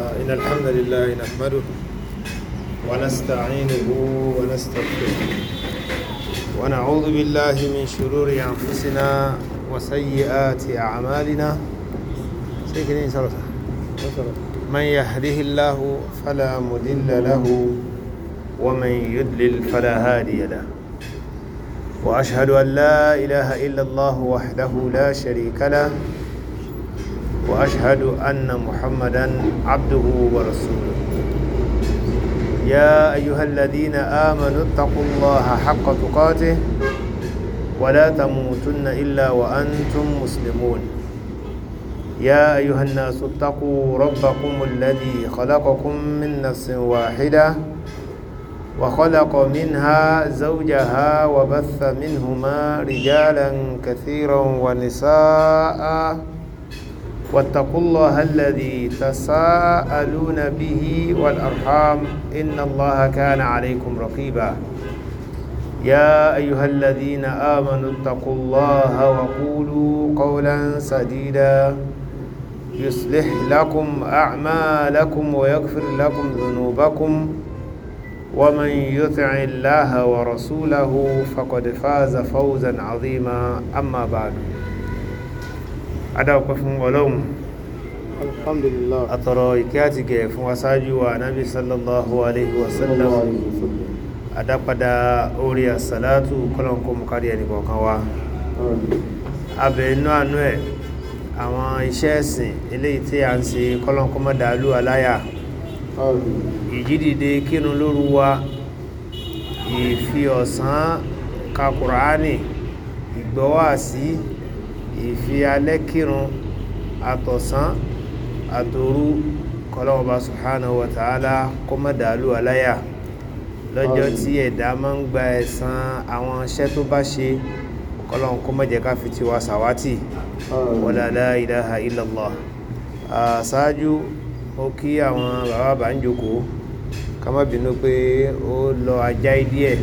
آه، إن الحمد لله نحمده ونستعينه ونستغفره ونعوذ بالله من شرور أنفسنا وسيئات أعمالنا من يهده الله فلا مضل له ومن يدلل فلا هادي له وأشهد أن لا إله إلا الله وحده لا شريك له واشهد ان محمدا عبده ورسوله يا ايها الذين امنوا اتقوا الله حق تقاته ولا تموتن الا وانتم مسلمون يا ايها الناس اتقوا ربكم الذي خلقكم من نفس واحده وخلق منها زوجها وبث منهما رجالا كثيرا ونساء واتقوا الله الذي تساءلون به والأرحام إن الله كان عليكم رقيبا يا أيها الذين آمنوا اتقوا الله وقولوا قولا سديدا يصلح لكم أعمالكم ويغفر لكم ذنوبكم ومن يطع الله ورسوله فقد فاز فوزا عظيما أما بعد adáwọ̀pẹ́ fún ọlọ́run alhamdulillah àtọ̀rọ̀ ìkẹ́ àti gẹ̀ fún asájú wa nábi sallallahu alaihi wasallam adápadà orí àsàlátù kọlọ̀nkọ mọ̀kárí ẹnìkọ̀ọ̀kan wa abẹ inú àánú ẹ̀ àwọn iṣẹ́ ẹ̀sìn eléyìí tí a ń ṣe kọlọ̀nkọ mọ̀dàlú aláyà ìjídìde kínu lóru wa ìfi ọ̀sán ka kùránì ìfi alẹ́ kírun àtọ̀sán àtòru kọlọ́ọ̀bá subhanahu wa ta'ala kó má dàálù aláyà lọ́jọ́ tí ẹ̀dá máa ń gba ẹ̀san àwọn iṣẹ́ tó bá ṣe kọlọ́ọ̀n kó má jẹ́ ká fi tiwa sàwátì wala la ilaha ṣáájú ó kí àwọn bàbá bá ń jókòó ká má bínú pé ó lọ ajá díẹ̀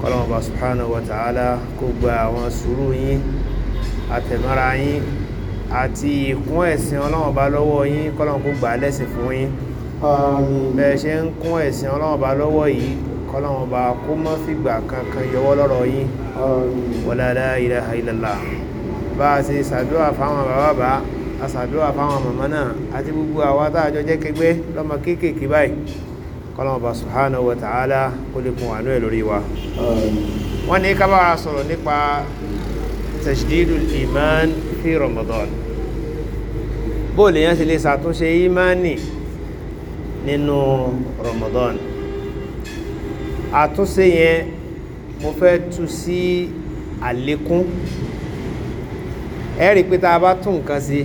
kọlọ́ọ̀bá subhanahu wa kó gba àwọn sùúrù yín àtẹ̀mọ́ra yín àti ìkún ẹ̀sìn ọlọ́run ọba lọ́wọ́ yín kọ́lọ́run kó gbà á lẹ́sìn fún yín bẹ́ẹ̀ ṣe ń kún ẹ̀sìn ọlọ́run ọba lọ́wọ́ yìí kọ́lọ́run ọba kó mọ́ fìgbà kankan yọwọ́ lọ́rọ̀ yín wala la ilaha bá a ṣe ṣàdúrà fáwọn bàbá bá a ṣàdúrà fáwọn màmá náà àti gbogbo àwa tá a jọ jẹ́ kẹgbẹ́ lọ́mọ kéékèèké báyìí kọ́lọ́run ọba subhanahu wa ta'ala kó lè kún àánú ẹ̀ lórí wa wọ́n ní ká bá a sọ̀rọ̀ nípa تجديد الإيمان في رمضان. bó lè yàn sí lè إيماني، imani رمضان. ramadan àtúnṣe yẹn تسي fẹ́ tú sí àlékún ẹ rí pé tá a bá tún nǹkan sí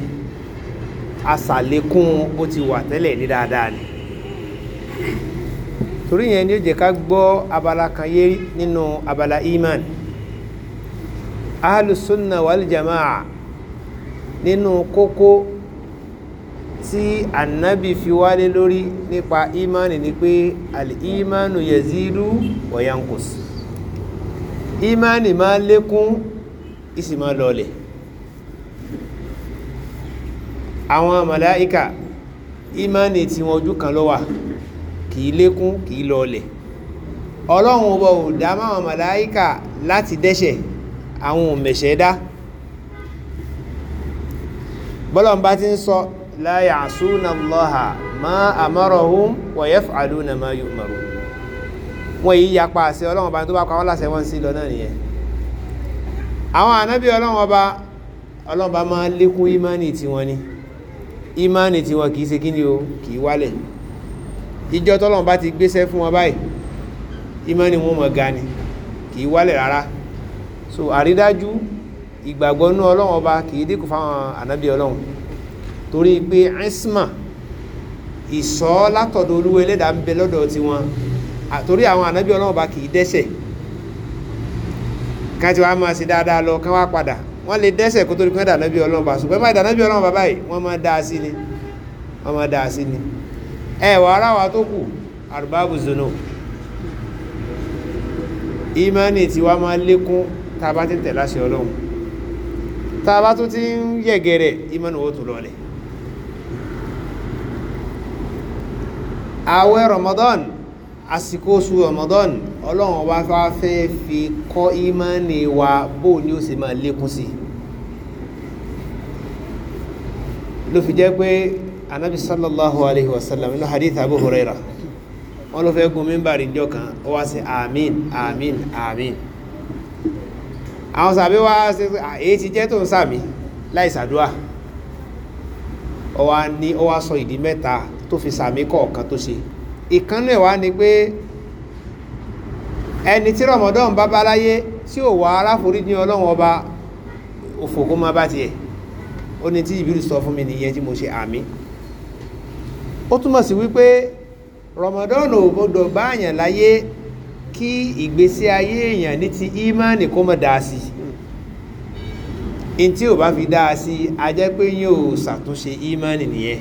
aṣàlékún bó ti wà tẹ́lẹ̀ ní dáadáa ni torí yẹn ni ó jẹ́ ká gbọ́ abala kan yé nínú abala iman. E ahlùsùnà wàlìjàmáà nínú kókó tí ànábì fi wálé lórí nípa ìmánì ni pé alìmánu yazidu wa yanqus ìmánì máa lékún ìsì máa lọlẹ̀ àwọn màláíkà ìmánì tí wọn ojú kan ló wà kìí lékún kìí lọlẹ̀ ọlọ́run ọba ò dá máwọn màláíkà láti dẹ́ṣẹ̀ àwọn òmẹ̀ṣẹ̀ dá bọ́lọ̀n bá ti ń sọ la ya'suna Allaha ma amarahum wa yaf'aluna ma yu'marun wọ́n yí yapa àṣẹ ọlọ́wọ́n bá tó bá kọ́ láṣẹ wọ́n sí lọ náà nìyẹn àwọn ànábí ọlọ́wọ́n bá ọlọ́wọ́n bá máa lékún ìmánì tiwọn ni ìmánì tiwọn wálẹ̀ rárá so àrídájú ìgbàgbọ́ nú ọlọ́run ọba kì í dínkù fáwọn ànábì ọlọ́run torí pé isma ìsọ́ látọ̀dọ̀ olúwa ẹlẹ́dàá ń bẹ lọ́dọ̀ tiwọn torí àwọn ànábì ọlọ́run ọba kì í dẹ́sẹ̀ kan ti wá máa ṣe dáadáa lọ kán wá padà wọ́n lè dẹ́sẹ̀ kó torí pé dànábì ọlọ́run ọba ṣùgbọ́n báyìí dànábì ọlọ́run ọba báyìí wọ́n máa dáa sí ni wọ́n máa dáa sí ni ẹ wà ara wa tó kù àrùbáàbù zono ìmánì tiwa máa lékún tá a bá ti ń tẹ̀ láṣẹ ọlọ́run tá a bá tún ti ń yẹ̀gẹ̀rẹ̀ ìmọ̀nà owó tó lọlẹ̀ Ramadan àsìkò oṣù Ramadan ọlọ́run ọba fẹ́ fi kọ́ ìmọ̀nì wa bó ni ó sì máa lékún sí i ló fi jẹ́ anabi sallallahu alayhi wa sallam inú hadith abu huraira wọ́n ló fẹ́ gun mímbàrí jọ kan ó wá sí amin amin amin àwọn sàbí wá ṣe èyí ti jẹ́ tó ń sàmì láì sàdúà ọwá ní ọwá sọ ìdí mẹ́ta tó fi sàmì kọ̀ọ̀kan tó ṣe ìkánú ẹ̀ wá ni pé ẹni tí rọmọdọ́n bá bá láyé tí ò wá aláforí ní ọlọ́run ọba òfò kó má bá tiẹ̀ ó ní tí ìbírù sọ fún mi nìyẹn tí mo ṣe àmì ó túmọ̀ sí wípé rọmọdọ́n ò gbọdọ̀ báàyàn láyé kí ìgbésí ayé èèyàn ní ti ìmánì kó mọ̀ dáa sí in tí ò bá fi dáa sí a jẹ́ pé yóò ṣàtúnṣe ìmánì nìyẹn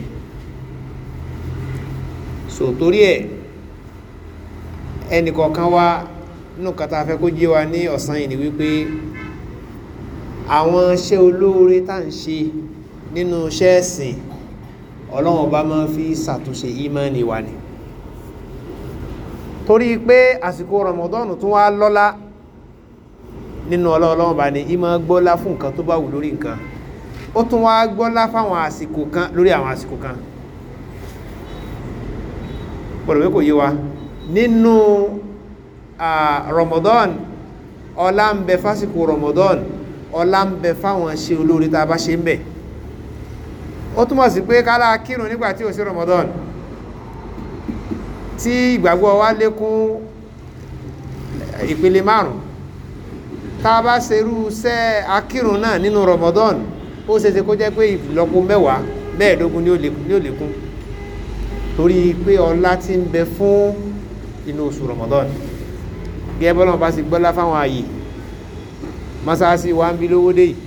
so torí ẹ̀ ẹnìkọ̀ọ̀kan wa nínú kata fẹ́ kó jẹ́ wa ní ọ̀sán yìí ni wípé àwọn iṣẹ́ olóore tá ń ṣe nínú iṣẹ́ ẹ̀sìn ọlọ́run ọba máa fi ṣàtúnṣe ìmánì wa ni torí pé àsìkò Ramadan tún wá lọ́lá nínú ọlọ́ọ̀lọ́wọ́n bá ní ìmọ̀ gbọ́lá fún nǹkan tó bá wù lórí nǹkan ó tún wá gbọ́lá fáwọn àsìkò kan lórí àwọn àsìkò kan pọ̀lọ̀wé kò yé wa nínú rọmọdọ́n ọlá ń bẹ fásìkò rọmọdọ́n ọlá ń bẹ fáwọn ṣe olórí tá a bá ṣe ń bẹ ó túmọ̀ sí pé kálá kírun nígbà tí ò sí rọmọdọ́n tí ìgbàgbọ́ wa lékún ìpele márùn tá a bá serú sẹ́ akírun náà nínú Ramadan ó ṣeéṣe kó jẹ́ pé ìlọ́po mẹ́wàá mẹ́ẹ̀ẹ́dógún ni ó lékún torí pé ọlá ti ń bẹ fún inú oṣù Ramadan gẹ́gẹ́ bọ́lá wọn bá ti gbọ́lá fáwọn ààyè mọ́sáàsì wa ń bí lówó dé yìí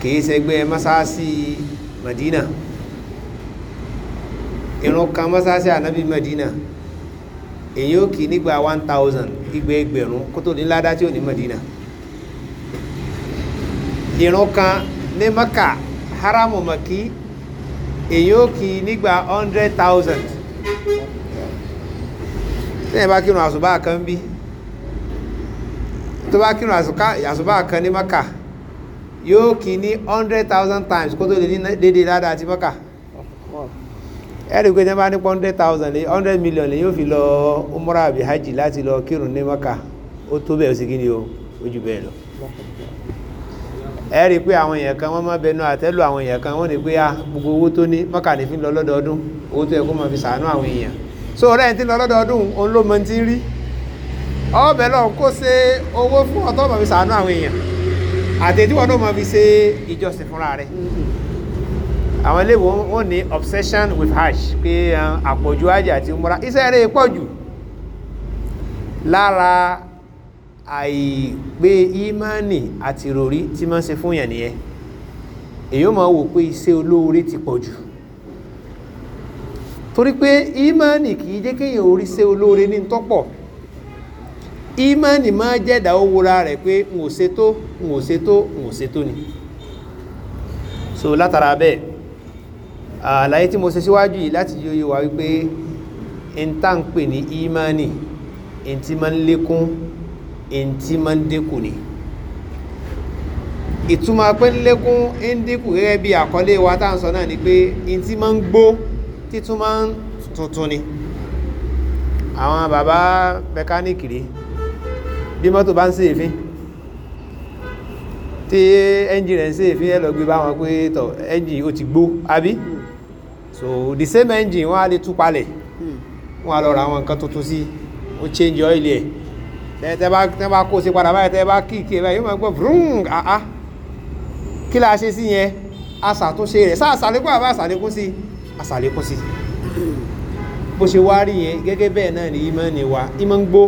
kì í Madina irun kan mọ́sáàsì ànábì Medina èyí ó kì í nígbà one thousand igbe ẹgbẹ̀rún kó tó ní ládá tí ò ní Medina irun kan ní Maka haramu maki èyí ó kì í nígbà hundred thousand tẹ́yìn bá kírun àsùbá kan bí tó bá kírun àsùbá kan ní Maka yóò kì í ní hundred thousand times kó tó lè ní déédéé ládá àti Maka. ẹ̀rí pé tẹ́lẹ̀ bá hundred thousand hundred million yóò fi lọ hajj láti lọ kírun ní maka ó tó bẹ́ẹ̀ sì o ó bẹ́ẹ̀ lọ ẹ̀rí pé àwọn èèyàn bẹnu àtẹ́lù àwọn èèyàn kan wọ́n ní ah, gbogbo owó tó ní maka ní fi lọ lọ́dọọdún owó tó so ọ̀rẹ́ ti lọ lọ́dọọdún òun ló mọ ti owó fún ọtọ́ máa fi sàánú àwọn èèyàn àtẹ̀tíwọ́n àwọn iléèwò wọn ní obsession with hash. pé àpọ̀jù hajj àti múra iṣẹ́ eré pọ̀ jù lára àìgbé ìmánì àti ìròrí tí máa ń ṣe fún yàn nìyẹn èyí máa wò pé iṣẹ́ olóore ti pọ̀ jù torí pé ìmánì kì jẹ́ kéèyàn orí ṣe olóore ní tọ́pọ̀ ìmánì máa jẹ́dà ó wura rẹ̀ pé n ò ṣe tó n ò ṣe tó n ò ṣe tó ni so látara bẹ́ẹ̀ àlàyé tí mo ṣe síwájú yìí láti yóò wá wípé ìntà ń pè ní imani ìntí ma ń lékún ìntí ma ń dínkù ni ìtumọ̀ pé ń lékún ń dínkù gẹ́gẹ́ bí àkọlé wa tá à ń sọ náà ni pé ìntí ma ń gbó títún ma ń tuntun ni àwọn bàbá mẹkáníìkì rí bí mọ́tò bá ń sí èéfín tí ẹ́ńjì rẹ̀ ń sí èéfín ẹ lọ gbé pé tọ̀ ẹ́ńjì ó ti gbó àbí. Mm -hmm so the same engine wọ́n á lè tú palẹ̀ hmm. wọ́n á lọ ra àwọn nǹkan tuntun sí ó change oil ẹ̀ tẹ́ tẹ́ bá tẹ́ bá kó o ṣe padà báyìí tẹ́ bá kíkì ẹ̀ báyìí yóò máa gbọ́ vroom àá kí la ṣe sí yẹn aṣàtúnṣe rẹ̀ sáà ṣàlékún àbá ṣàlékún sí aṣàlékún sí bó ṣe wá rí yẹn gẹ́gẹ́ bẹ́ẹ̀ náà ni ìmọ̀ ni wa ìmọ̀ ń gbó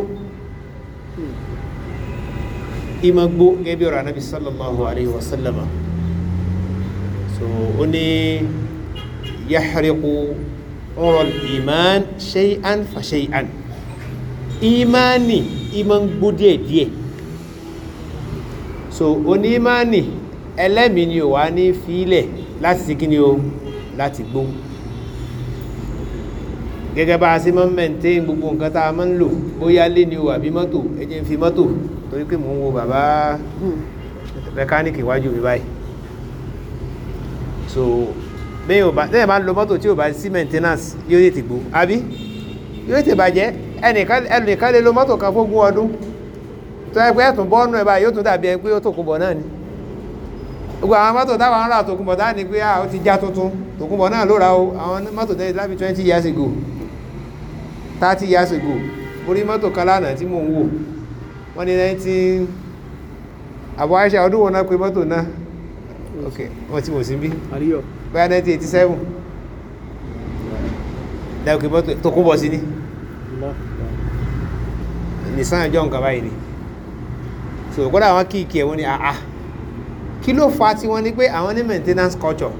ìmọ̀ gbó gẹ́gẹ́ bí ọ̀rọ̀ anábì sallallahu alayhi wa sallam so ó ní yahriqu ọ̀rọ̀ ìmán ṣe'án fa ṣe'án ìmánì ìmán gbó díẹ̀ díẹ̀ so onímánì ẹlẹ́mìí ni ò wá ní fílẹ̀ láti sí kíni o láti gbó gẹ́gẹ́ bá a sí mọ́ mẹ́ntẹ́ gbogbo nǹkan tá a mọ́ ń lò bóyá lé ni o àbí mọ́tò ẹ ń fi mọ́tò torí pé mò ń wo bàbá mẹkáníìkì iwájú mi so bẹ́ẹ̀ ò bá tẹ́ẹ̀ bá ń lo mọ́tò tí ò bá sí maintenance yóò tètè gbó àbí yóò tètè bàjẹ́ ẹnìkan lè lo mọ́tò kan fógún ọdún tó yẹ pé ẹ̀tún bọ́ọ̀nù ẹ̀ báyìí yóò tún dàbí ẹ pé ó tòkùnbọ̀ náà ni gbogbo àwọn mọ́tò táwọn ará tòkùnbọ̀ náà ni pé a ó ti já tuntun tòkùnbọ̀ náà ló ra o àwọn mọ́tò tẹ́lẹ̀ láti twenty years ago thirty years ago mo rí mọ́tò kan lánàá tí mò ń wò wọ́n ní nineteen àbọ̀ àṣà ọdún wo náà pé mọ́tò náà ok wọ́n ti wò sí bí bẹ́ẹ̀ nineteen eighty seven dàgbé mọ́tò tó kó bọ̀ sí ni nìsan jọ nǹkan báyìí ni so kódà àwọn kíìkì ẹ̀ wọ́n ni àá kí ló fa tí wọ́n ní pé àwọn ní maintenance culture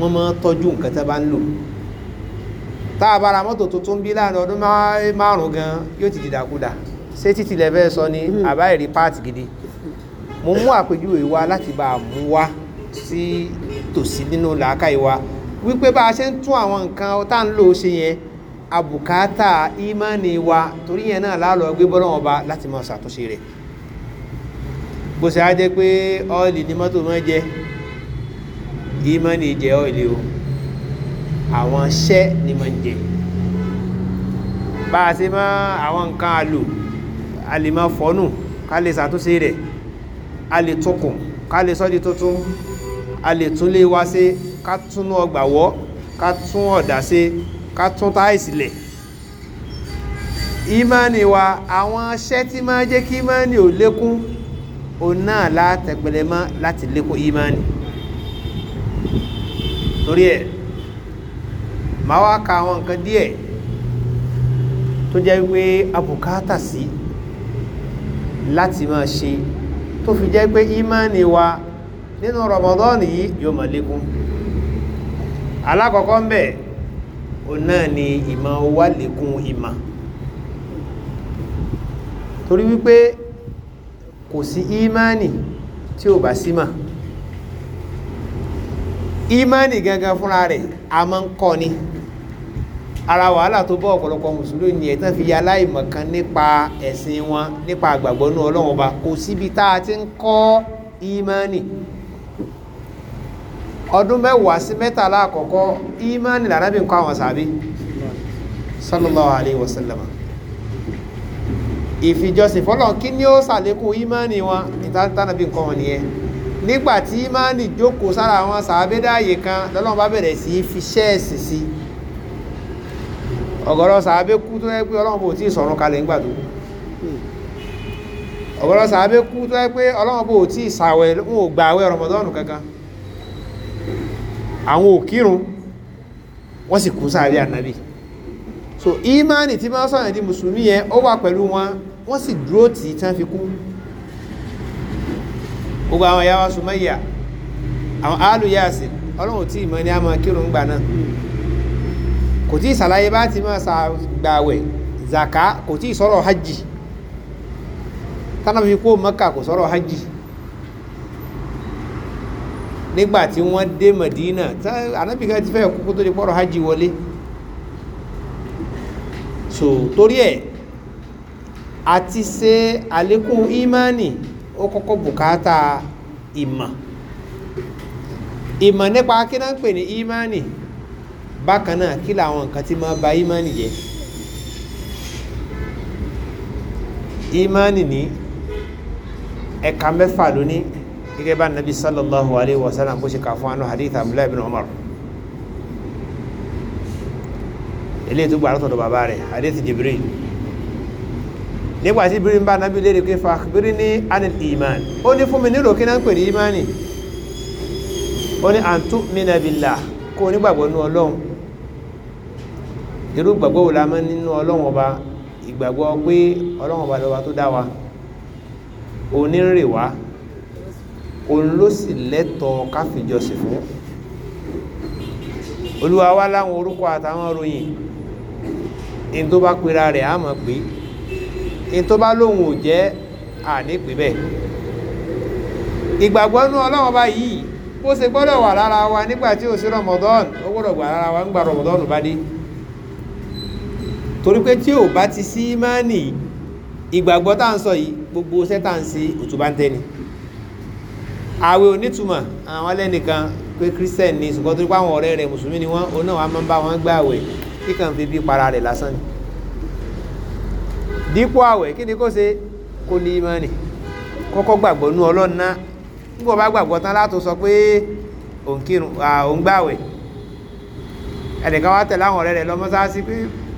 wọ́n máa tọ́jú nǹkan tá a bá ń lò tá a bá ra mọ́tò tuntun bí láàrin ọdún márùn-ún gan yóò ti dìdàkudà ṣé títí lẹ fẹ́ sọ ni àbá ìrí páàtì gidi mo mú àpèjúwe wa láti bá a mú wa sí tòsí nínú làákàyè wa wípé bá a ṣe ń tún àwọn nǹkan tá à ń lò ṣe yẹn àbùkátà ìmánì wa torí yẹn náà láàlọ́ gbé bọ́lọ́wọ́ ọba láti máa ṣàtúnṣe rẹ̀ bó ṣe á jẹ́ pé ọ́ìlì ní mọ́tò máa jẹ ìmánì jẹ ọ́ìlì o àwọn ṣẹ́ ni máa ń jẹ bá a ṣe máa àwọn nǹkan àlò a lè máa fọ́nù ká lè ṣàtúnṣe rẹ̀ a lè tukùn ká lè sọ́ di tuntun a lè tún lé wa ṣe ká túnú ọgbà wọ́ ká tún ọ̀dà ṣe ká tún táìsì lẹ̀ ìmánì wa àwọn aṣẹ́ tí máa jẹ́ kí ìmánì ò lékún òun náà látẹ̀gbẹ̀lẹ̀ mọ́ láti lékún ìmánì torí ẹ̀ máa wá ka àwọn nǹkan díẹ̀ tó jẹ́ wípé abùkátà sí láti máa ṣe tó fi jẹ́ pé ìmánì wa nínú Ramadan yìí yóò mọ̀ lékún alákọ̀ọ́kọ́ ń bẹ̀ náà ni ìmọ̀ wá lékún ìmọ̀ torí wípé kò sí ìmánì tí ò bá símà ìmánì gangan fúnra rẹ̀ a máa ń kọ́ ni ara wàhálà tó bọ́ ọ̀pọ̀lọpọ̀ mùsùlùmí ẹ̀ tán fi ya aláìmọ̀kan nípa ẹ̀sìn wọn nípa àgbàgbọ́ nú kò síbi tá a ti ń kọ́ ìmánì. E ọdún mẹ́wàá sí mẹ́tàlá àkọ́kọ́ imani lànàbí kọ́ àwọn sàbí sallallahu alayhi wa sallam fọ́lọ̀ kí ní ó sàlékò imani wọn ìtàntànàbí bí kọ́ wọn nìyẹn nígbàtí imani jókòó sára àwọn sàbí dáàyè kan bá bẹ̀rẹ̀ sí fi ṣẹ́ẹ̀sì sí sàbí kú tó ọlọ́run kò tí ì sọ̀rọ̀ kalẹ̀ nígbà tó sàbí kú tó ọlọ́run kò tí àwọn òkírun wọ́n sì kú sáré ànábì so imani tí máa sọ̀rọ̀ di mùsùlùmí yẹn ó wà pẹ̀lú wọn wọ́n sì dúró tì í tán fi kú gbogbo àwọn ìyá wa Sumayya àwọn alu Yasin ọlọ́run tí ìmọ̀ ni a máa kírun gbà náà kò tí ì sàlàyé bá ti máa ṣàgbàwẹ̀ zaka kò tí ì sọ̀rọ̀ hajj tánàbí kó Mẹ́kà kò sọ̀rọ̀ hajj nígbà tí wọ́n dé Madina ànábì kan ti fẹ́ kókó tó di pọ́rọ̀ hajj wọlé so torí ẹ̀ àti ṣe àlékún ìmánì ó kọ́kọ́ bùkátà ìmọ̀ ìmọ̀ nípa kí náà ń pè ní ìmánì bákan náà kí làwọn nǹkan tí máa ba ìmánì jẹ́ ìmánì ni ẹ̀ka mẹ́fà lónìí gẹ́gẹ́ bá nàbí sallallahu alayhi wa sallam bó ṣe kà fún anú hadith abdullahi bin umar ilé tó gbàrà tọ̀dọ̀ bàbá rẹ̀ hadith jibril nígbà tí jibril bá nàbí lérí pé fàkbírí ní anil iman ó ní fún mi nílò kí náà ń pè ní imani ó ní an tu'mina billah kó o nígbàgbọ́ nú ọlọ́run irú gbàgbọ́ wò la máa nínú ọlọ́run ọba ìgbàgbọ́ pé ọlọ́run ọba lọ́ba tó dá wa onírè wa òun ló sì lẹ́tọ̀ọ́ káfíjọsìn fún olúwa wá láwọn orúkọ àtàwọn ròyìn in tó bá pera rẹ̀ á mọ̀ pé in tó bá lóun ò jẹ́ ànípè bẹ́ẹ̀ ìgbàgbọ́ nú ọlọ́wọ́n bá yìí bó ṣe gbọ́dọ̀ wà lára wa nígbà tí ò sí rọmọdọ́n ó gbọ́dọ̀ wà lára wa nígbà rọmọdọ́n bá dé torí pé tí ò bá ti sí ìmánì ìgbàgbọ́ tá à ń sọ yìí gbogbo iṣẹ́ tá à ń ṣe òtún bá ń tẹ́ni àwẹ̀ onítùmọ̀ àwọn lẹ́nìkan pé christian ni ṣùgbọ́n tó ní pàwọn ọ̀rẹ́ rẹ̀ mùsùlùmí ni wọ́n òun náà wàá máa ń bá wọn gbà àwẹ̀ kí kàn fi bí para rẹ̀ lásán ni dípò àwẹ̀ kí ni kó ṣe kó ní ìmánì kọ́kọ́ gbàgbọ́ nú ọlọ́run náà nígbà bá gbàgbọ́ tán látò sọ pé òun kírun òun gbàwẹ̀ ẹnìkan wá tẹ̀lé àwọn ọ̀rẹ́ rẹ̀ lọ mọ́sáàsì pé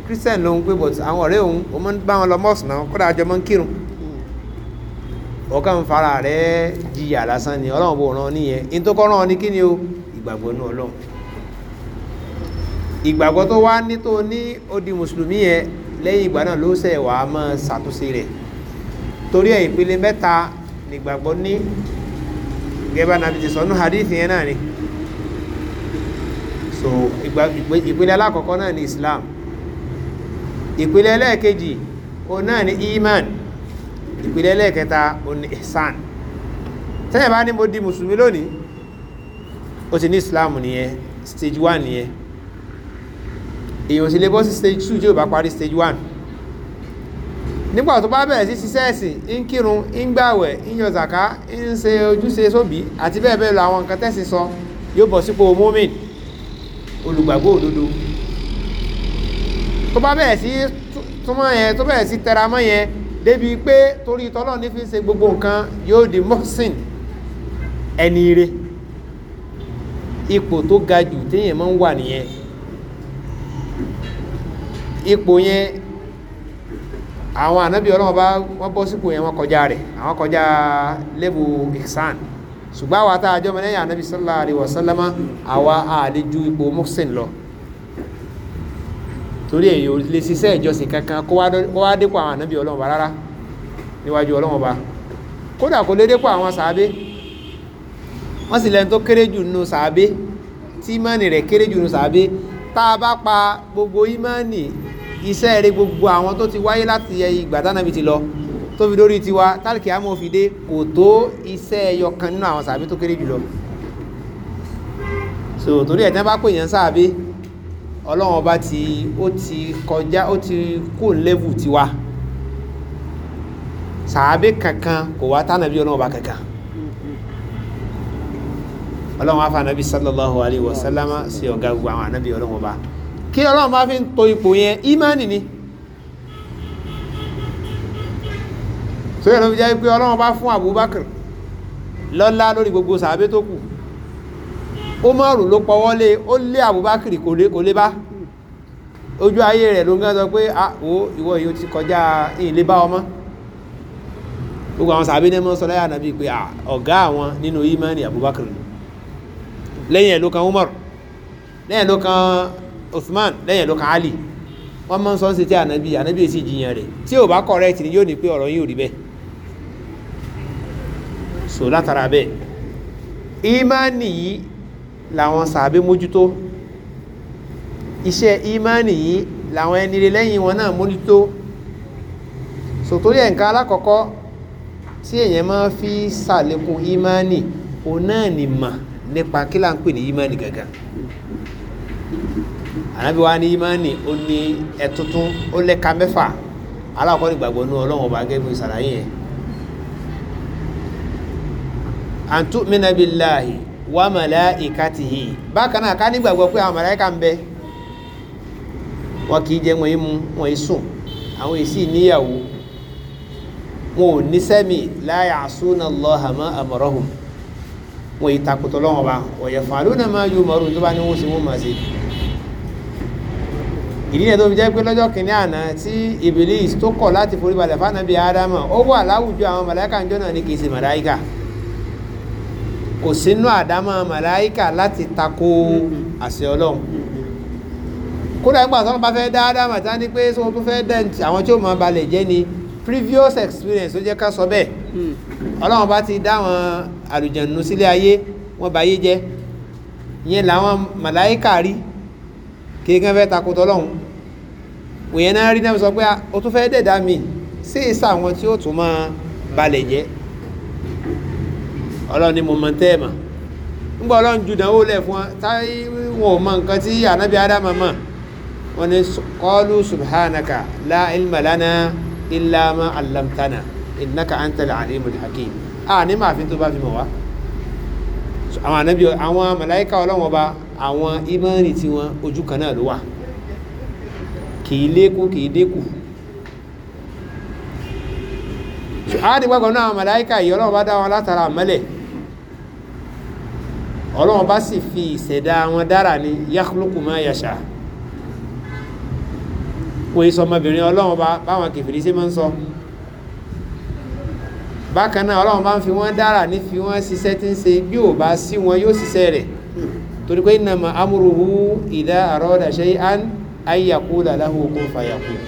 christian lòun pé but àwọn ọ̀rẹ́ òun òun máa ń bá wọn lọ mọ́ọ̀sì náà kódà àjọ ọkàn fara rẹ̀ jìyà lásán ni ọlọ́run bò rán níyẹn in tó kí ni o ìgbàgbọ́ ní ọlọ́run ìgbàgbọ́ tó wá ní tó ní ó di mùsùlùmí yẹn lẹ́yìn ìgbà náà ló ṣẹ̀ wá mọ́ ṣàtúnṣe rẹ̀ torí ẹ̀ ìpele mẹ́ta nígbàgbọ́ ní gẹ́gẹ́ nàbí ti sọ́nú hadith yẹn náà ni so ìpele alákọ̀ọ́kọ́ náà ni Islam ìpele ẹlẹ́ẹ̀kejì òun náà ni iman ìpìlẹ̀ ẹlẹ́ẹ̀kẹta òní ihsan tẹ́yẹ̀ bá ní mo di mùsùlùmí lónìí ó ti ní islam nìyẹn stage one nìyẹn èèyàn sì lè bọ́ sí stage two tí o bá parí stage one nígbà tó bá bẹ̀rẹ̀ sí ṣiṣẹ́ ẹ̀sìn ń kírun ń gbàwẹ̀ ń yọ zàká ń ṣe ojúṣe sóbì àti bẹ́ẹ̀ bẹ́ẹ̀ lọ àwọn nǹkan tẹ́sìn sọ yóò bọ̀ sípò mọ́mìn olùgbàgbọ́ òdodo tó bá bẹ̀rẹ̀ sí túmọ̀ yẹn tó bẹ̀rẹ̀ sí tẹramọ́ yẹn débi pé torí tọ́lọ́ ní fi ṣe gbogbo nǹkan yóò di mọ́sìn ẹni re ipò tó ga jù téèyàn máa ń wà nìyẹn ipò yẹn àwọn ànábì ọlọ́run bá wọ́n bọ́ sípò yẹn wọ́n kọjá rẹ̀ àwọn kọjá lẹ́bù ihsan ṣùgbọ́n àwa tá a jọ́mọ lẹ́yìn ànábì sallallahu alaihi wasallam àwa àlejò ipò mọ́sìn lọ torí èyí ò lè ṣiṣẹ́ ìjọsìn kankan kó wá dépò àwọn ànábì ọlọ́run ọba rárá níwájú ọlọ́run ọba kódà kò lè dépò àwọn sàábé wọ́n sì lẹ́nu tó kéré jù nínú sàábé tí ìmánì rẹ̀ kéré jù nínú sàábé tá a bá pa gbogbo ìmánì iṣẹ́ rẹ̀ gbogbo àwọn tó ti wáyé láti ìgbà tánàbí ti lọ tó fi dórí tiwa tálíkì àmọ́ fi dé kò tó iṣẹ́ ẹyọ kan nínú àwọn sàábé tó kéré jù lọ so torí ẹ̀ tí wọ́n bá pè yẹn sàábé ọlọ́run ọba ti ó ti kọjá ó ti kó lẹ́vù tiwa sàábé kankan kò wá tánàbí ọlọ́run ọba kankan ọlọ́run afa anabi sallallahu alayhi wa sallama sí ọ̀gá gbogbo àwọn anabi ọlọ́run ọba kí ọlọ́run bá fi ń to ipò yẹn ìmánì ni sóyè ló fi jẹ́ pé ọlọ́run bá fún abubakar lọ́lá lórí gbogbo sàábé tó kù Umaru ló pọwọ́ lé ó lé Abubakar kò lé bá ojú ayé rẹ̀ ló ń gán sọ pé àwọ ah, ìwọ yìí ó ti kọjá ìlé bá ọmọ gbogbo àwọn sàbí nẹ́mọ́ sọ láyà nàbí pé ah, ọ̀gá àwọn nínú ìmánì Abubakar ni lẹ́yìn ló kan Umaru lẹ́yìn ló kan Uthman lẹ́yìn ló kan Ali wọ́n máa ń sọ ń ṣe tí ànábì ànábì èsì ìjìyàn rẹ̀ tí ò bá correct ni yóò ní pé ọ̀rọ̀ yìí ò rí bẹ́ẹ̀ so látara bẹ́ẹ̀ ìmánì làwọn sàábé mójútó iṣẹ́ ìmánì yìí làwọn ẹni rere lẹ́yìn wọn náà mójútó sòtórí ẹ̀ǹkan alákọ̀ọ́kọ́ tí èèyàn máa fi ṣàlékún ìmánì òun náà ni mà nípa kí là ń pè ní ìmánì gàgà ànábi wa ní ìmánì ó ní ẹ̀tuntun ó lẹ́ka mẹ́fà alákọ̀ọ́ ní gbàgbọ́ nú ọlọ́run ọba gẹ́gẹ́ bí sàlàyé yẹn an tu'mina billahi wa malaikatihi bákan náà ká nígbàgbọ́ pé àwọn màláíkà ń bẹ wọn kì í jẹ wọn yìí mu wọn yìí sùn àwọn yìí sì níyàwó wọn ò níṣẹ́mi la ya'suna Allaha ma amarahum wọn yìí takùtọ̀ lọ́wọ́n ba wa yaf'aluna ma yu'marun tó bá ní wọ́n sì wọ́n máa ṣe ìdí ni tó fi jẹ́ pé lọ́jọ́ kìíní àná tí Iblis tó kọ̀ láti foríbalẹ̀ fáànàbí Ádámà ó wà láwùjọ àwọn màláíkà ń jọ́nà ní kìí ṣe màláíkà kò sínú àdámọ́ màláíkà láti tako àṣẹ ọlọ́run kódà nígbà tó ń bá fẹ́ dáadáa màtá ní pé sọ́wọ́n tó fẹ́ dẹ́ǹtì àwọn tí ó máa balẹ̀ jẹ́ ni previous experience ó jẹ́ ká sọ bẹ́ẹ̀ ọlọ́run bá ti dá àwọn àlùjànnú sílé ayé wọ́n bá yé jẹ́ ìyẹn làwọn màláíkà rí kí kan fẹ́ takò tọ́lọ́run òyìn náà rí náà sọ pé ah, o tún fẹ́ dẹ̀dá mi sí ìsà àwọn tí ó tún máa balẹ̀ jẹ́ ọlọ́run ni mo mọ̀ tẹ́ ẹ̀ mọ̀ ńgbọ́ ọlọ́run ju ìdánwò lẹ̀ fún wọn táyé wọn ò mọ nǹkan tí ànábì ádámà mọ̀ wọn ni qalu subhanaka la ilma lana illa ma allamtana innaka antal alimul hakim a ní màá fi tó bá fi mọ̀ wá àwọn ànábì àwọn màláíkà ọlọ́run ọba àwọn ìmánì tí wọn ojú kan náà ló wà kì í lékún kì í dékù àádìgbàgbọ́ náà màláíkà yìí ọlọ́run bá dá wọn látara àmọ́lẹ̀ ọlọ́run bá sì fi ìṣẹ̀dá wọn dára ní yakhluqu ma yasha kò sọ ọmọbìnrin ọlọ́run bá báwọn kẹfìrí sí máa ń sọ bákan náà ọlọ́run bá ń fi wọ́n dára ní fi wọ́n ṣiṣẹ́ tí ń ṣe bí ò bá sí wọn yóò ṣiṣẹ́ rẹ̀ torí pé innama amruhu idha arada shay'an an yaqula lahu kun fayakun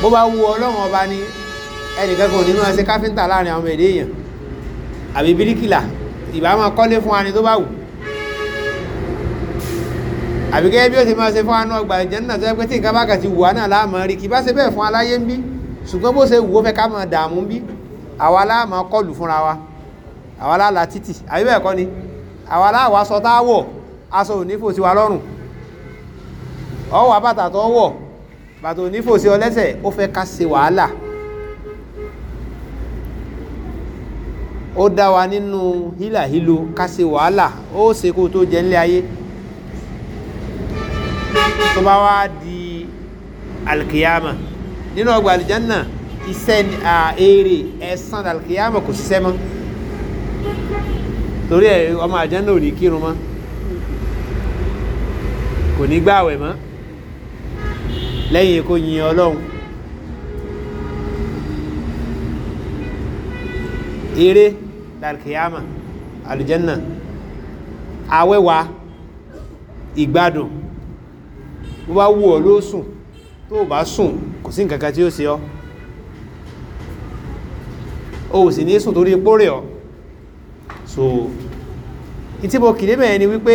bó bá wu ọlọ́run ọba ní ẹnìkan kan ò ní káfíńtà láàrin àwọn èdè èèyàn àbí bíríkìlà ìbá máa kọ́lé fún wa ni tó bá wù àbí gẹ́gẹ́ bí ó ṣe máa ṣe fún anú ọgbà ìjẹ́nà tó yẹ pé tí nǹkan bá kà ti wù wá náà láàmú rí kì bá ṣe bẹ́ẹ̀ fún aláyé ń bí ṣùgbọ́n bó ṣe wù ó fẹ́ ká máa dààmú ń bí àwa láàmú kọlù fúnra wa àwa láàlá títì àbí bẹ́ẹ̀ kọ́ ni àwa láàwọ̀ aṣọ tá a wọ̀ aṣọ ò ní fò sí wa lọ́rùn ọwọ́ àbàtà tó wọ̀ bàtà ò ní fò ó fẹ́ ká ṣe wàhálà ó dá wa nínú hílàhílo ká ṣe wàhálà ó ṣe kó tó jẹ nílé ayé tó bá wá di alkiyama nínú ọgbà àlìjánà iṣẹ́ ni èrè ẹ̀san alkiyama kò ṣiṣẹ́ mọ́ torí ẹ̀ ọmọ àlìjánà ò ní kírun mọ́ kò ní gbààwẹ̀ mọ́ lẹ́yìn kó yin ọlọ́run eré dàlkìyàmà àlùjẹ́nà àwẹ́wà ìgbádùn bó bá wù ọ́ ló sùn tó o bá sùn kò sí nǹkan kan tí ó ṣe ọ́ o ò sì ní sùn torí pórè ọ́ so ìtí mo kìlé mẹ́rin ni wípé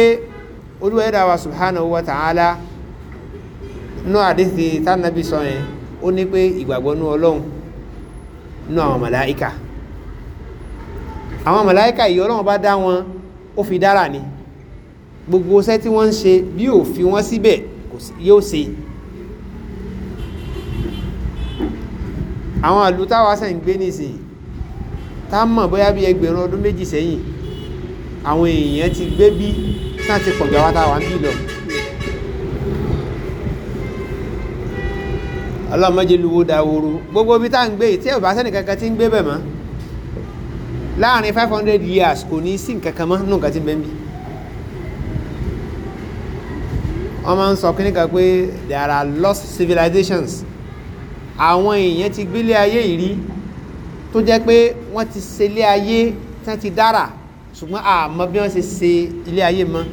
olúwa wa subhanahu wa ta'ala nú àdéhìí tánàbí sọ yẹn ó ní pé ìgbàgbọ́ nú ọlọ́run nú àwọn màláíkà àwọn màláíkà yìí ọlọ́run bá dá wọn ó fi dára ni gbogbo iṣẹ́ tí wọ́n ń ṣe bí ò fi wọ́n síbẹ̀ yóò ṣe àwọn àlù táwa sẹ̀ ń gbé nìsín tá mọ̀ bóyá bí ẹgbẹ̀rún ọdún méjì sẹ́yìn àwọn èèyàn ti gbé bí náà ti pọ̀jù àwọn táwa ń bí lọ. ọlọ́mọdé luwo dàwòrò gbogbo ibi tá ń gbé tí ẹ̀ bá sẹ́nìkankan ti ń gbé bẹ̀ mọ́ láàrin five hundred years kò ní sí nǹkan kan mọ́ nínú nǹkan tí bẹ́ẹ̀ bí wọ́n máa ń sọ kí nìkan pé there are lost civilizations àwọn èèyàn ti gbélé ayé yìí rí tó jẹ́ pé wọ́n ti ṣe ilé ayé tí wọ́n ti dára ṣùgbọ́n àmọ́ bí wọ́n ṣe ṣe ilé ayé mọ́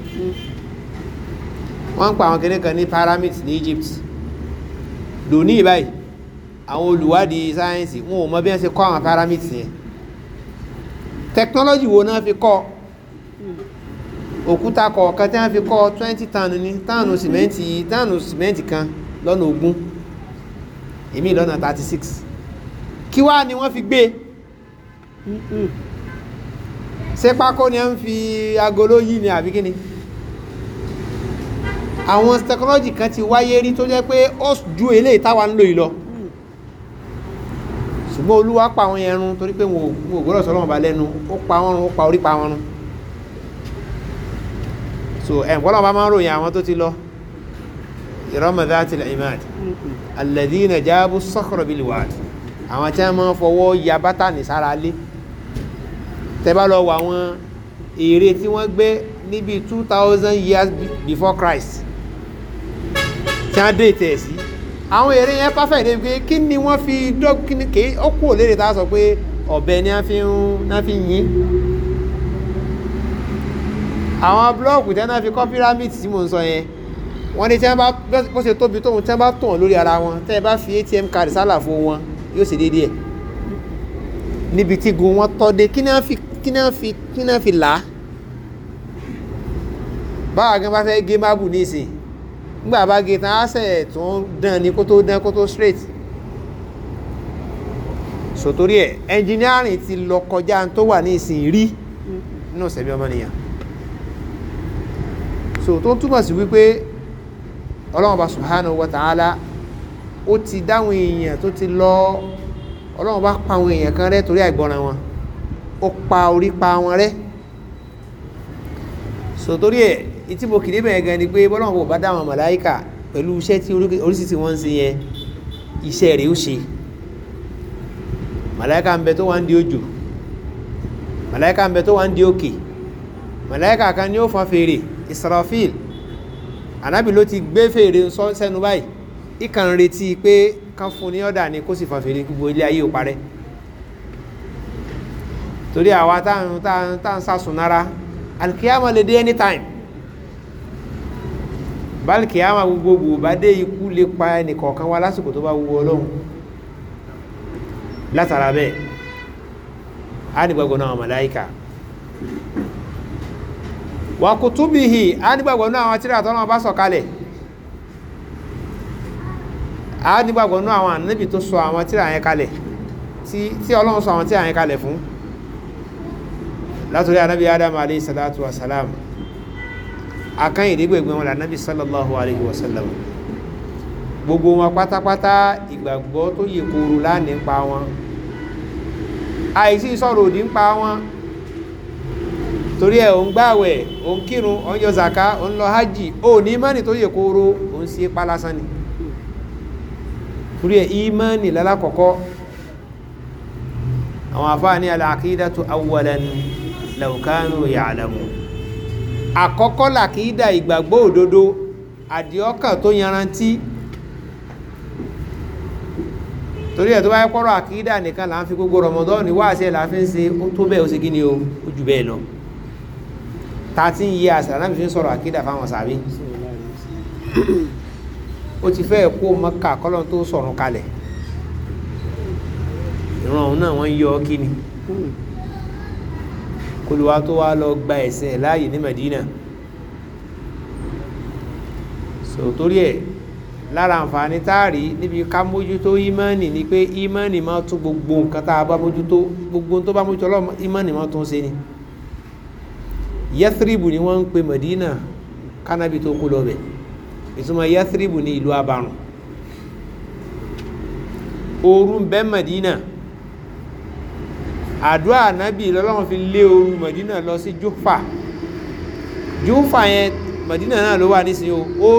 wọ́n ń pa àwọn kìnìkan ní pyramids ní Egypt lónìí báyìí àwọn olùwádìí sáyẹ́nsì wọn ò mọ bí wọ́n ṣe kọ́ àwọn pyramids yẹn technology wo náà fi kọ́ hmm. òkúta kọ̀ọ̀kan tí wọ́n fi kọ́ twenty tan ni táànù sìmẹ́ǹtì táànù sìmẹ́ǹtì kan lọ́nà ogún èmi lọ́nà thirty six kí wá ni wọ́n fi gbé ṣé pákó ni wọ́n fi agolo yìí ni àbí kíni àwọn technology kan ti wáyé rí tó jẹ́ pé ó ju eléyìí táwa ń lò yìí lọ ṣùgbọ́n olúwa pa àwọn yẹn run torí pé wọn ò gbọ́dọ̀ sọ́lọ́wọ́n ba lẹ́nu ó pa wọn ó pa orí pa wọn so ẹ̀ ńkọ́ lọ́wọ́ bá máa ń ròyìn àwọn tó ti lọ ìrọ́mọdá ti lè imad alẹ́dínà jáàbù sọ́kọ̀rọ̀ bíi wàd àwọn tí wọ́n máa ń fọwọ́ ya bátà ní sára lé tẹ́ lọ wọ àwọn ère tí wọ́n gbé níbi two thousand years before Christ tí wọ́n dé tẹ̀ sí àwọn eré yẹn perfect débi pé kí ni wọ́n fi dọ́g kí ni kéé ó kúrò léde tá a sọ pé ọ̀bẹ ni wọ́n fi ń wọ́n fi yín àwọn búlọ́ọ̀kù tí wọ́n fi kọ́ pírámìdì tí mò ń sọ yẹn wọ́n ní tí wọ́n bá bó ṣe tóbi tóun tí wọ́n bá tàn lórí ara wọn tí wọ́n bá fi atm card sálàfo wọn yóò ṣe déédéé níbi tí gun wọn tọ́ de kí ni wọ́n fi kí ni wọ́n fi là á báwa gan bá fẹ́ gé mábù ní ìsìn nígbà bá gé tán á sẹ̀ tún dán ni kó tó dán kó tó straight sòtórí ẹ̀ engineering ti lọ kọjá tó wà ní ìsìn rí nínú ìsẹ̀mí ọmọnìyàn so tó túmọ̀ sí wípé ọlọ́run bá subhanahu wa ta'ala ó ti dáwọn èèyàn tó ti lọ ọlọ́run bá pa àwọn èèyàn kan rẹ́ torí àìgbọ́ràn wọn ó pa orí pa wọn rẹ́ sòtórí ẹ̀ tí mo kìdé bẹ̀rẹ̀ gan ni pé bọ́lá wọn kò bá dáwọn màláìkà pẹ̀lú iṣẹ́ tí oríṣi tí wọ́n ń ṣe yẹn iṣẹ́ rẹ̀ ó ṣe màláìkà ń bẹ tó wà ń di òjò màláìkà ń bẹ tó wà ń di òkè màláìkà kan ni ó fọn fèrè Israfil ànábì ló ti gbé fèrè sẹ́nu báyìí ìkàn retí pé kán fún ní ọ̀dà ni kó sì fọn fèrè gbogbo ilé ayé ò parẹ́ torí àwa táwọn táwọn sásùn nára alikiyama lè dé anytime bálkì àwọn agbogbogbò bá dé ikú lè pa ẹnìkọ̀ọ̀kan wá lásìkò tó bá wu ọlọ́run látara bẹ́ẹ̀ á nígbàgbọ́ náà màláíkà wà kùtùbìhì á nígbàgbọ́ náà àwọn tírà tọ́lọ́wọ́ bá sọ̀kalẹ̀ á nígbàgbọ́ náà àwọn ànábì tó sọ àwọn tírà yẹn kalẹ̀ tí ọlọ́run sọ àwọn tírà yẹn kalẹ̀ fún látòrí ànábì adam alayhi salatu wa salam akányìndé gbogbo wọn Nabi sallallahu alayhi wa sallam gbogbo wọn pátápátá ìgbàgbọ́ tó yẹ kóró lánìí pa wọn àìsí sọ̀rọ̀ òdì ń pa wọn torí ẹ̀ òun gbàwẹ̀ òun kírun òun yọ zaka òun lọ hajj òní mọ́nì tó yẹ kóró òun sí pálásán ni torí ẹ̀ ìmọ́nì lálákọ̀ọ́kọ́ àwọn afáàní al-aqidatu awwalan law kanu ya'lamun àkọ́kọ́ làkìídà ìgbàgbọ́ òdodo àdìọ́kàn tó yanrantí torí ẹ̀ tó bá kọ́rọ̀ àkìídà nìkan là ń fi gbogbo rọmọdọ́ọ̀nì wá sí ẹ̀ là ń fi ń ṣe ó tó bẹ́ẹ̀ ó sì kíni o ó jù bẹ́ẹ̀ lọ thirteen years alámi fi ń sọ̀rọ̀ àkìídà fáwọn sàbí ó ti fẹ́ kó mọ́kà kọ́lọ́ tó sọ̀rùn kalẹ̀ ìran òun náà wọ́n yọ ọ́ kíni kólúwa tó wá lọ gba ẹ̀sìn ẹ̀ láàyè ní Medina so torí ẹ̀ lára àǹfààní táàrí níbi ká mójútó ímánì ni pé ímánì máa tún gbogbo nǹkan tá a bá mójútó gbogbo tó bá mójútó ọlọ́mọ ímánì máa tún ṣe ni Yathribu ni wọ́n ń pe Medina kánábì tó kú lọ bẹ̀ ìtumọ̀ Yathribu ni ìlú abàrùn oorun bẹ́ Medina àdúrà ànábì lọ́lọ́run fi lé ooru mọ̀dínà lọ sí júfà júfà yẹn mọ̀dínà náà ló wà nísìnyí o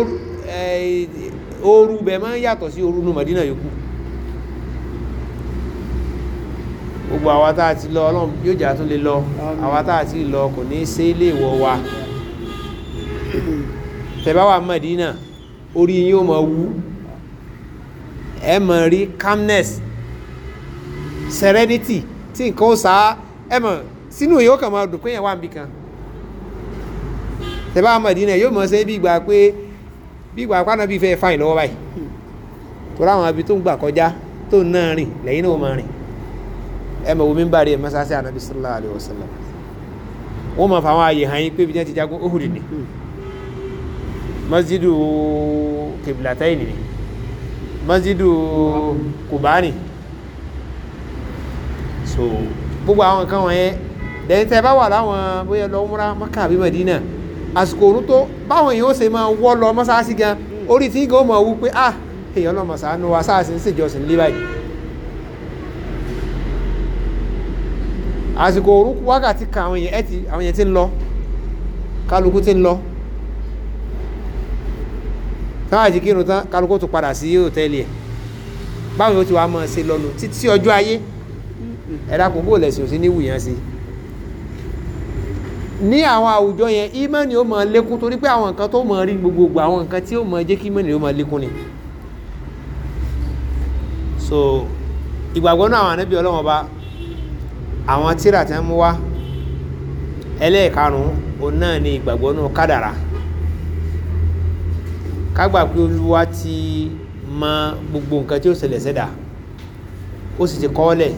ooru bẹ̀ máa ń yàtọ̀ sí ooru nu mọ̀dínà yòókù gbogbo àwa tá a ti lọ ọlọ́run yóò jà tún lè lọ àwa tá a ti lọ kò ní ṣe lè wọ wa tẹ̀bá mọ̀dínà orí yín ó mọ̀ wú ẹ mọ̀ rí calmness serenity tí nǹkan ó sá ẹ mọ̀ sínú yìí ó kàn máa dùn pé yẹn wà níbi kan tẹ́bá Mádínà yóò mọ̀ ṣe bí ìgbà pé bí ìgbà pàánà bí fẹ́ fáìn lọ́wọ́ báyìí tó ráwọn abi tó ń gbà kọjá tó ń náà rìn lẹ́yìn náà ó máa rìn ẹ mọ̀ omi ń bá rí ẹ mọ́sáàsì ànábi sallallahu alaihi wasallam wọ́n mọ̀ fáwọn ààyè hàn yín pé bíjẹ́ ti jagun Uhud ni masjidu Qiblatain ni masjidu Kubani so gbogbo àwọn nǹkan wọ̀nyẹn lẹ́yìn tẹ́ bá wà láwọn bóyá lọ múra mọ́kà àbí mẹ́dínà àsìkò òrùn tó báwọn èèyàn ó ṣe máa wọ́ lọ mọ́sáàsì gan orí tí gan ó mọ̀ wú pé ah èèyàn náà mọ̀ sàánú wa sáàsì ń ṣèjọsìn nílé báyìí. àsìkò òrùn wákàtí kan àwọn èèyàn ti àwọn èèyàn ti ń lọ kálukú ti ń lọ táwọn àti kírun tán kálukú tó padà sí òtẹ́ẹ̀lì ẹ̀ báwọn yóò ti wá máa ṣe lọ́nu títí ọjọ́ ayé ẹ̀dá kò bóòlẹ̀ sí òsì níwù yẹn sí ní àwọn àwùjọ yẹn ìmánì ó máa lékún torí pé àwọn nǹkan tó máa rí gbogbogbò àwọn nǹkan tí ó máa jẹ́ kí ìmánì ó máa lékún ni so ìgbàgbọ́ náà àwọn anábì ọlọ́wọ́n ọba àwọn tíra tí wọ́n mú wá ẹlẹ́ẹ̀karùn-ún òun náà ni ìgbàgbọ́ náà kádàrá kágbà pé olúwa ti mọ gbogbo nǹkan tí ó ṣẹlẹ̀ sẹ́dà ó sì ti kọ́ ọ́ lẹ̀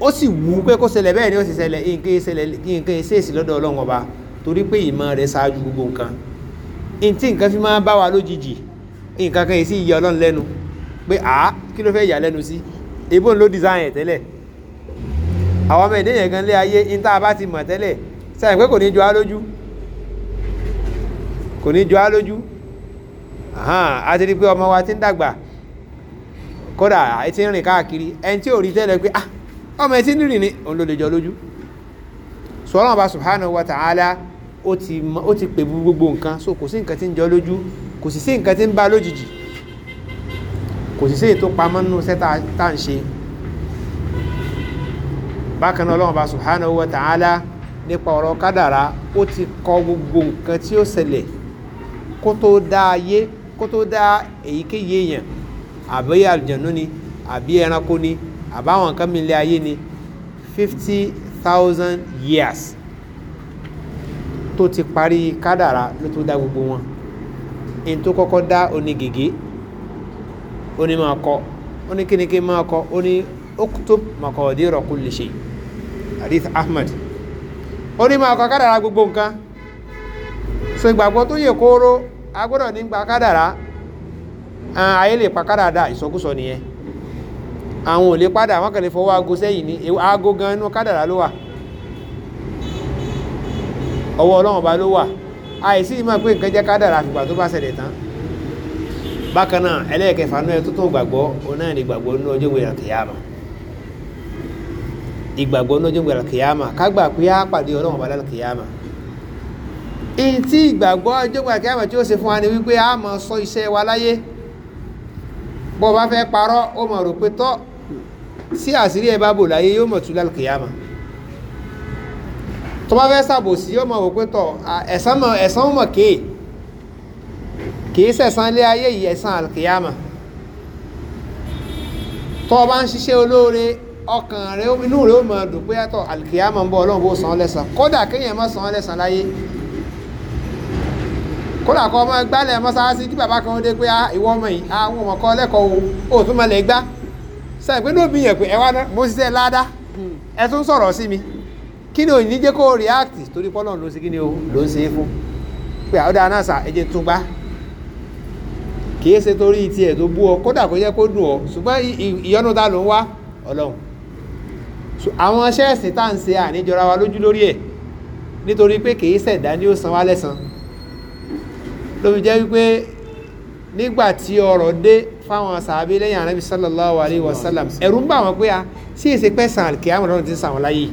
ó sì wù ú pé kó ṣẹlẹ̀ bẹ́ẹ̀ ni ó sì ṣẹlẹ̀ nǹkan ṣẹlẹ̀ nǹkan ṣèèṣì lọ́dọ̀ ọlọ́run ọba torí pé ìmọ̀ rẹ̀ ṣáájú gbogbo nǹkan ntí nǹkan fi máa bá wa lójijì nǹkan kan yìí sì yẹ ọlọ́run lẹ́nu pé àá kí ló fẹ́ yà lẹ́nu sí ebó ló design ẹ̀ tẹ́lẹ̀ àwọn ọmọ ìdíyẹn gan lé ayé níta bá ti mọ̀ tẹ́lẹ̀ sẹ́yìn pé kò ní jọ á lójú kò ní jọ á lójú a ti rí i pé ọmọ wa ti ń dàgbà kódà ti ń rìn káàkiri ẹni tí ò rí tẹ́lẹ̀ pé ah ọmọ ẹtí nírì ni òun ló lè jọ lójú sọlọ́n ọba subhanahu wa ta'ala ó ti ó ti pè gbogbo nǹkan so kò sí nǹkan tí ń jọ lójú kò sì sí nǹkan tí ń bá lójijì kò sì sí èyí tó pamọ́ nínú iṣẹ́ tá à ń ṣe bákan náà ọlọ́run ọba subhanahu wa ta'ala nípa ọ̀rọ̀ kádàrá ó ti kọ gbogbo nǹkan tí ó ṣẹlẹ̀ kó tó dá ayé kó tó dá èyíkéyìí èèyàn àbí àlùjànnú ni àbí ẹranko ni àbáwọn nǹkan mi ilé ayé ni fifty thousand years tó ti parí kádàrá ló tó dá gbogbo wọn èyí tó kọ́kọ́ dá onígègé oní máa kọ oní kínníkín máa kọ oní okutub maqadira kulli shay hadith ahmed oní máa kọ kádàrá gbogbo nǹkan so ìgbàgbọ́ tó yẹ kóró agbọ́dọ̀ ní gba kádàrá ayé lè pa kádàrá ìsọkúsọ nìyẹn àwọn ò lè padà wọ́n kàn lè fọwọ́ aago sẹ́yìn ní aago gan inú kádàrá ló wà ọwọ́ ọlọ́run ọba ló wà àìsí ìmọ̀ pé nǹkan jẹ́ kádàrá àfìgbà tó bá ṣẹlẹ̀ tán bákan náà ẹlẹ́ẹ̀kẹfà náà tó tó gbàgbọ́ òun náà ní gbàgbọ́ nínú ọjọ́ ìwé àkèyàmà ìgbàgbọ́ nínú ọjọ́ ìwé àkèyàmà kágbà pé á pàdé ọlọ́run ọba lálùkèyàmà èyí tí ìgbàgbọ́ ọjọ́ ìwé àkèyàmà tí ó ṣe fún sí àṣírí ẹ bá bò láyé yóò mọ̀ tú lálùkìyàmà tó bá fẹ́ ṣàbòsí yóò mọ̀ wò pé tọ̀ ẹ̀san mọ̀ ẹ̀san mọ̀ kéè kìí ṣẹ̀san ilé ayé yìí ẹ̀san àlùkìyàmà tó o bá ń ṣiṣẹ́ olóore ọkàn rẹ inú rẹ ó mọ̀ dùn pé yàtọ̀ àlùkìyàmà ń bọ̀ ọlọ́run bó san lẹ́san kódà kéèyàn má san lẹ́san láyé kódà kọ́ ọmọ gbálẹ̀ mọ́sáàsì kí bàbá kan ó dé pé ah, ìwọ ọmọ yìí àwọn ah, ọmọ kan lẹ́kọ̀ọ́ òtún mọ́lẹ̀ gbá sẹ́yìn pé lóbi yẹn pé ẹ wá mo ṣiṣẹ́ ládá ẹ tún sọ̀rọ̀ sí mi kí ni òní jẹ́ kó react torí pọ́lọ́ ló ṣe kí ni o ló ń ṣe é fún pé àwọn dáa sà ẹ jẹ́ tún gbá kì í ṣe torí tiẹ̀ tó bú ọ kódà kó jẹ́ kó dùn ọ ṣùgbọ́n ìyọnu ta ló ń wá ọlọ́run àwọn ṣẹ́ẹ̀sì tá à ń ṣe àníjọra wa lójú lórí ẹ̀ nítorí pé kì í ṣẹ̀dá ni ó san wá lẹ́san ló fi jẹ́ wípé nígbà tí ọ̀rọ̀ dé fáwọn sàábé lẹ́yìn anabi sallallahu alayhi wa sallam ẹ̀rù ń bà wọ́n pé a sí èsè pẹ́ sàn kí àwọn ọ̀rọ̀ ti sàn wọ́n láyé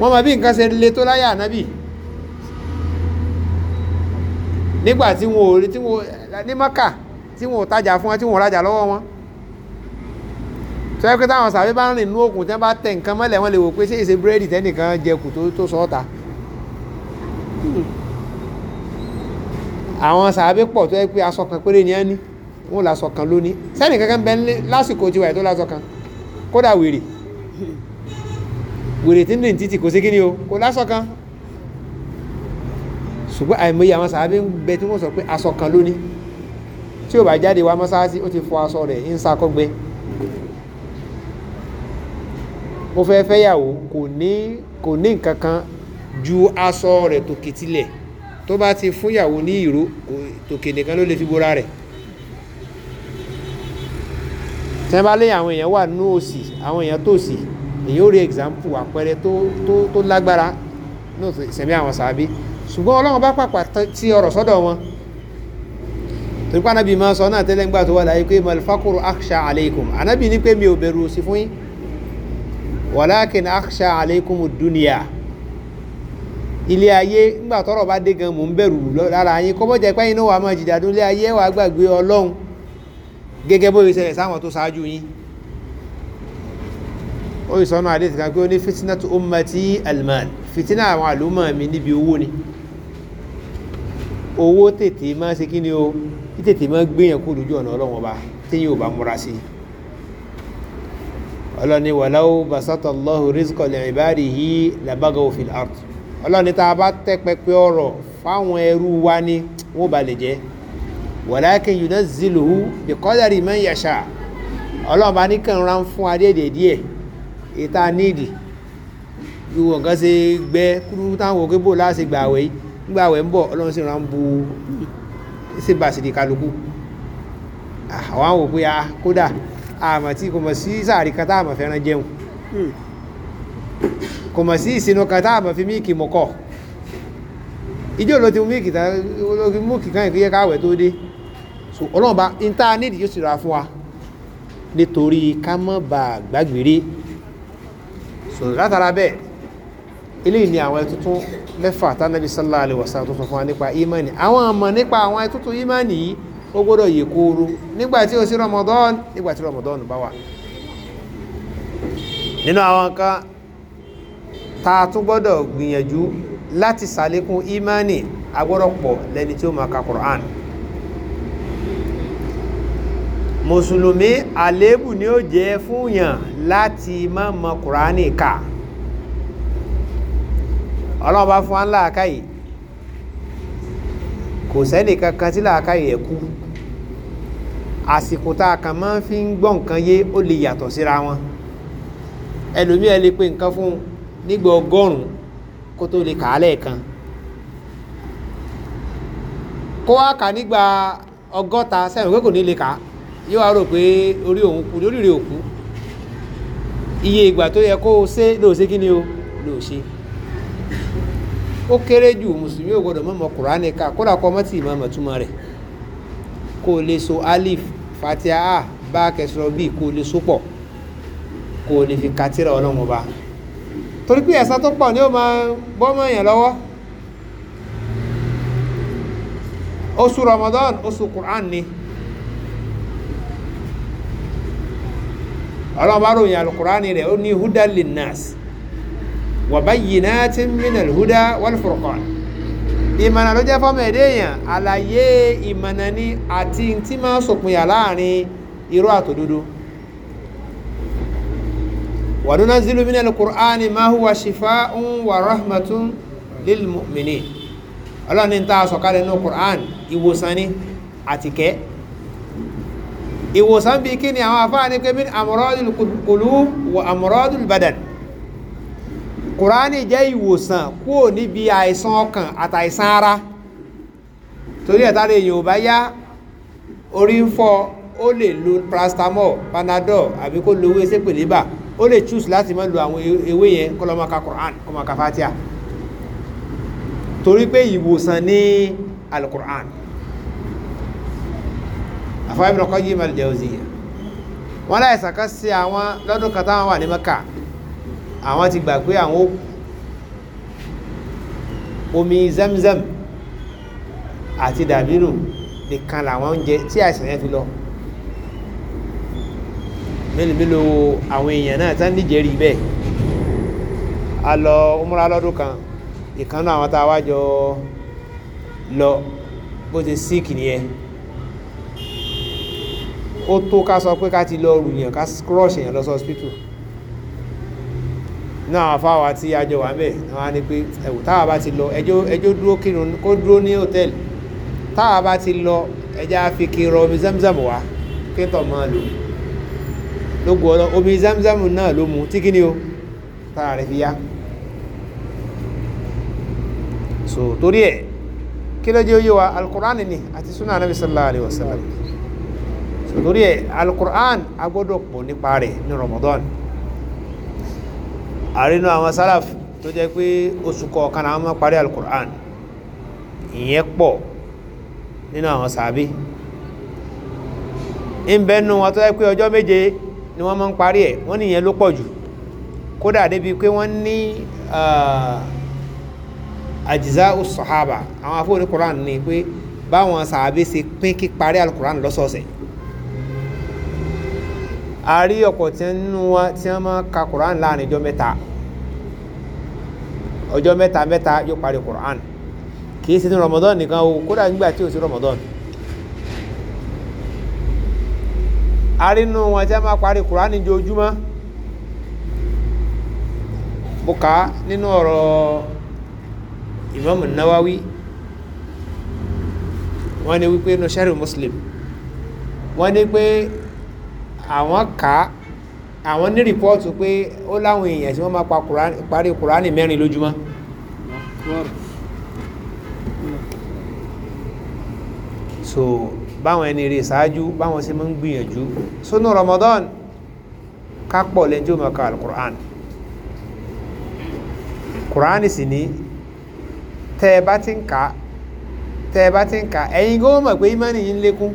wọ́n mọ bí nǹkan ṣe le tó láyé anabi nígbà tí wọn ò rí tí wọn ní maka tí wọn ò tajà fún wọn tí wọn ò rajà lọ́wọ́ wọn tó pé táwọn sàábé bá ń rìn nú òkun tí wọ́n bá tẹ̀ nǹkan mọ́lẹ̀ wọ́n lè wò pé ṣé èsè búrẹ́dì tẹ́nìkan jẹ kù tó sọ́ọ́ta. àwọn sàábé pọ̀ tó yẹ pé aṣọ kan péré ni ẹ ní wọn làṣọ kan lónìí sẹ́ni kankan bẹ́ẹ̀ ní lásìkò tiwa ẹ̀ tó làṣọ kan kódà wèrè wèrè tí ń lè títì kò sí kí ni o kò lásọ kan ṣùgbọ́n àìmọye àwọn sàábé ń bẹ tí wọ́n sọ pé aṣọ kan lónìí tí ò bá jáde wá mọ́sáàsì ó ti fọ aṣọ rẹ̀ ń sakọ́gbẹ́ ó fẹ́ fẹ́yàwó kò ní kò ní nǹkan kan ju aṣọ rẹ̀ tòkè tilẹ̀ tó bá ti fún ìyàwó ní ìró tòkè nìkan ló lè fi bora rẹ̀ tẹ́ bá lé àwọn èèyàn wà nínú òsì àwọn èèyàn tòsì èyí ó rí example àpẹẹrẹ tó tó tó lágbára náà sẹ̀mí àwọn sàbí ṣùgbọ́n ọlọ́run bá pàpà tí ọ̀rọ̀ sọ́dọ̀ wọn torí pé anábì máa sọ náà tẹ́lẹ̀ ń gbà tó wà láyé pé malfakuru aksha aleikum anábì ní pé mi ò bẹ̀rù sí fún yín walakin aksha aleikum duniya ilé ayé nígbà tọ́rọ̀ bá dé gan mò ń bẹ̀rù lára yín kó bọ́jà pé inú wa máa jìjà dún ilé ayé wàá gbàgbé ọlọ́run gẹ́gẹ́ bó ṣẹlẹ̀ sáwọn tó ṣáájú yín ó yìí sọnù àdéhùn kan pé ó ní fitina tó ó mọ tí alman fitina àwọn àlùmọ̀ mi níbi owó ni owó tètè máa ṣe kí ni o tètè máa gbéyàn kó lójú ọ̀nà ọlọ́run ọba téyìn ò bá múra sí i ọlọ́ni wàláwó basátọ̀ lọ́hùn rizqọ̀ ọlọ́run ní tá a bá tẹ́ pẹpẹ ọ̀rọ̀ fáwọn ẹrú wa ni wọ́n bá lè jẹ́ walakin yunazziluhu biqadari man yasha ọlọ́run bá ní kàn rán fún adéèdè díẹ̀ ìta níìdì ìwọ nǹkan ṣe gbẹ kúrú táwọn òkè bò láti gbàwẹ̀ gbàwẹ̀ ń bọ̀ ọlọ́run sì rán bu ṣe bàṣìdì kálukú àwọn àwọn òpin a kódà àmọ̀ tí kò mọ̀ sí sàárì kan tá àmọ̀ fẹ́ràn jẹun hmm kò sí ìsinú kan tá àmọ́ fi míìkì mọ̀ kọ̀ ìjọ ló ti míìkì tán ló fi múùkì kan ìkíyẹ káwẹ̀ tó dé so ọlọ́run bá n tá a nídìí yóò sì ra fún wa nítorí ká mọ́ bá a gbàgbére so látara bẹ́ẹ̀ eléyìí ni àwọn ẹtútún mẹ́fà tánàbí sallallahu alaihi wasallam tó sọ fún wa nípa ìmánì àwọn àmọ̀ nípa àwọn ẹtútún ìmánì yìí ó gbọ́dọ̀ yè kóoru nígbà tí ó sí Ramadan nígbà tí Ramadan bá wà nínú àwọn kan ta tún gbọ́dọ̀ gbìyànjú láti sàlékún ìmánì agbọ́dọ̀pọ̀ lẹ́ni tí ó máa ka Qur'an mùsùlùmí àléébù ni ó jẹ́ fúnyàn láti má mọ Qur'an kà ọlọ́run bá fún wa láàkáyì kò sẹ́ni kankan tí láàkáyì ẹ̀ àsìkò tá a kàn máa fi ń gbọ́ nǹkan yé ó lè yàtọ̀ síra wọn ẹlòmíì ẹ lè pe nǹkan fún un nígbà ọgọ́rùn-ún kó tó lè kà á lẹ́ẹ̀kan kó wá kà nígbà ọgọ́ta sẹ́yìn pé kò ní lè kà á yóò wá rò pé orí òun kú lórí rè òkú iye ìgbà tó yẹ kó o ṣe lò ṣe kí ni o lò ṣe ó kéré jù mùsùlùmí ò gbọdọ̀ mọ̀mọ́ kùránì ká kódà kọ́ mọ́tì ìmọ̀mọ̀ túmọ̀ rẹ̀ kó o lè so alif fatia a bá kẹsàn-án bíi kó o lè so pọ̀ kó o lè fi katira ọlọ́run ọba torí pé ẹ̀san tó pọ̀ ni ó máa bọ́mọ̀ èèyàn lọ́wọ́ oṣù Ramadan oṣù Qur'an ni ọlọ́run bá ròyìn alukur'an rẹ̀ ó ní huda linnas wa bayyinatin minal huda wal furqan ìmọ̀nà ló jẹ́ fọ́mọ èdè èèyàn àlàyé ìmọ̀nà ni àti tí máa sòpin yà láàrin irọ́ àtòdodo wàdúnázílù mí nínú kùránì máa hùwà ṣìfà ń wà rahmatun lilmọ̀mìnì ọlọ́ni tá a sọ̀kalẹ̀ nínú kùránì ìwòsàn ni àtìkẹ́ ìwòsàn bíi kí ni àwọn afáàní pé min amradul qulub wa amradul badan kùránì jẹ́ ìwòsàn kúò níbi àìsàn ọkàn àtàìsàn ara torí ẹ̀ta lè yìn ò bá yá orí ń fọ́ ó lè lo paracetamol panadol àbí kó lo ewé sépèlébà ó lè choose láti má lo àwọn ewé yẹn kó lọ máa ka Qur'an kó máa ka Fatiha torí pé ìwòsàn ní al-Qur'an àfọwọ́ Ibn Qayyim al-Jawziyya wọ́n láì sàkà sí àwọn lọ́dún kan táwọn wà ní Mẹ́kà àwọn ti gbà pé àwọn omi Zamzam àti dàbínú nìkan làwọn oúnjẹ tí àìsàn yẹn fi lọ mélòó mélòó àwọn èèyàn náà tá níjẹ́ rí bẹ́ẹ̀ a lọ umra lọ́dún kan ìkànnà àwọn tá a wájọ lọ bó ti síkì nìyẹn ó tó ká sọ pé ká ti lọ rùyàn ká crush èèyàn lọ sí hospital náà fáwọn àti àjọ wà bẹ́ẹ̀ náà wá ní pé ẹ̀wò táwa bá ti lọ ẹjọ́ dúró kírun kó dúró ní hòtẹ́ẹ̀lì táwa bá ti lọ ẹjọ́ á fi kí rọ omi zamzam wá kí n tọ̀ máa lò ó lógo ọlọ omi zamzam náà ló mu tí kíni o tára rẹ̀ fi yá so torí ẹ̀ kí ló jẹ́ oyé wa alukur'an ni àti sunna anabi sallallahu alayhi wa sallam so torí ẹ̀ alukur'an a gbọ́dọ̀ pọ̀ nípa rẹ̀ ní ramadan àrínú àwọn salaf tó jẹ́ pé oṣù kọ̀ọ̀kan àwọn máa parí alukur'an ìyẹn pọ̀ nínú àwọn sàbí ń bẹ́nu wọn tó jẹ́ pé ọjọ́ méje ni wọ́n máa ń parí ẹ̀ wọ́n nìyẹn ló pọ̀ jù kódà débi pé wọ́n ní àjìzá sọ̀hábà àwọn afọ́ni Quran ni pé báwọn sàábé ṣe pín kí parí alukuran lọ́sọ̀ọ̀sẹ̀ a rí ọ̀pọ̀ tí wọ́n máa ka Quran láàrin ọjọ́ mẹ́ta ọjọ́ mẹ́ta mẹ́ta yóò parí Quran kì í ṣe ní Ramadan nìkan o kódà nígbà tí ò sí Ramadan. arínú wọn tí a máa parí kùránì jojúmọ́ mo kà á nínú ọ̀rọ̀ Imam Nawawi wọ́n ní wípé inú sẹ́rì Muslim wọ́n ní pé àwọn kà á àwọn ní rìpọ́ọ̀tù pé ó láwọn èèyàn tí wọ́n máa parí kùránì mẹ́rin lójúmọ́ so báwọn ẹni rè ṣáájú báwọn ṣe máa ń gbìyànjú sónú Ramadan ká pọ̀ lẹ́ni tí ó máa ka alukur'an kur'an sì ní tẹ́ ẹ bá ti ń kà á tẹ́ ẹ bá ti ń kà á ẹ̀yin gan mọ̀ pé ìmánì yín lékún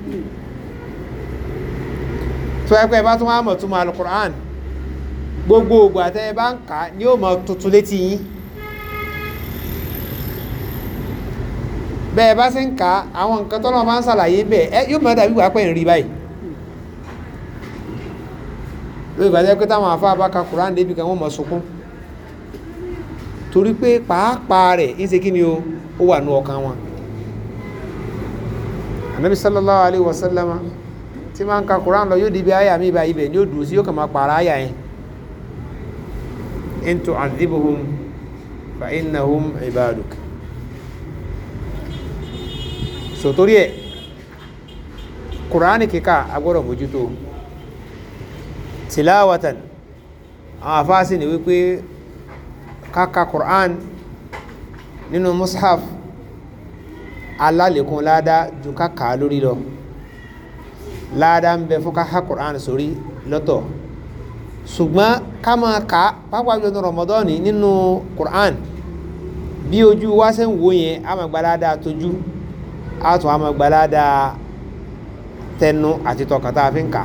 tó ẹ pé ẹ bá tún wá mọ̀ tó máa alukur'an gbogbo ògbà tẹ́ bá ń kà ni yóò máa tuntun létí yín. bẹ́ẹ̀ bá ṣe ń kà á àwọn nǹkan tó lọ́wọ́ bá ń ṣàlàyé bẹ́ẹ̀ ẹ yóò máa dàbí wàá pẹ́ ń rí báyìí lórí ìgbà jẹ́ pé táwọn afá bá ka Kùránì débi kan wọ́n mọ̀ sunkún torí pé pàápàá rẹ̀ ń ṣe kí ni ó wà nù ọkàn wọn. Ànábì sallallahu alayhi wa sallam tí máa ń ka Kùránì lọ yóò débi àyà mi báyìí bẹ̀ ni yóò dùn sí yóò kàn máa pààrà àyà yẹn. in tu'adhibuhum fa innahum ibaduk sòtórí ẹ̀ kùránì kíkà agbọ́dọ̀ mójútó tìláwàtàn àwọn afáàsì ni wípé káka kùrán nínú mushaf alálẹ̀kùn ládá ju káka lórí lọ ládá ń bẹ fún káka kùrán sórí lọ́tọ̀ ṣùgbọ́n ká máa kà á pápá jọ ní rọmọdọ́ọ̀nì nínú kùrán bí ojú wa ṣe ń wò yẹn a tún wá mọ gbalada tẹnu àti tọkàn tá a fi ń kà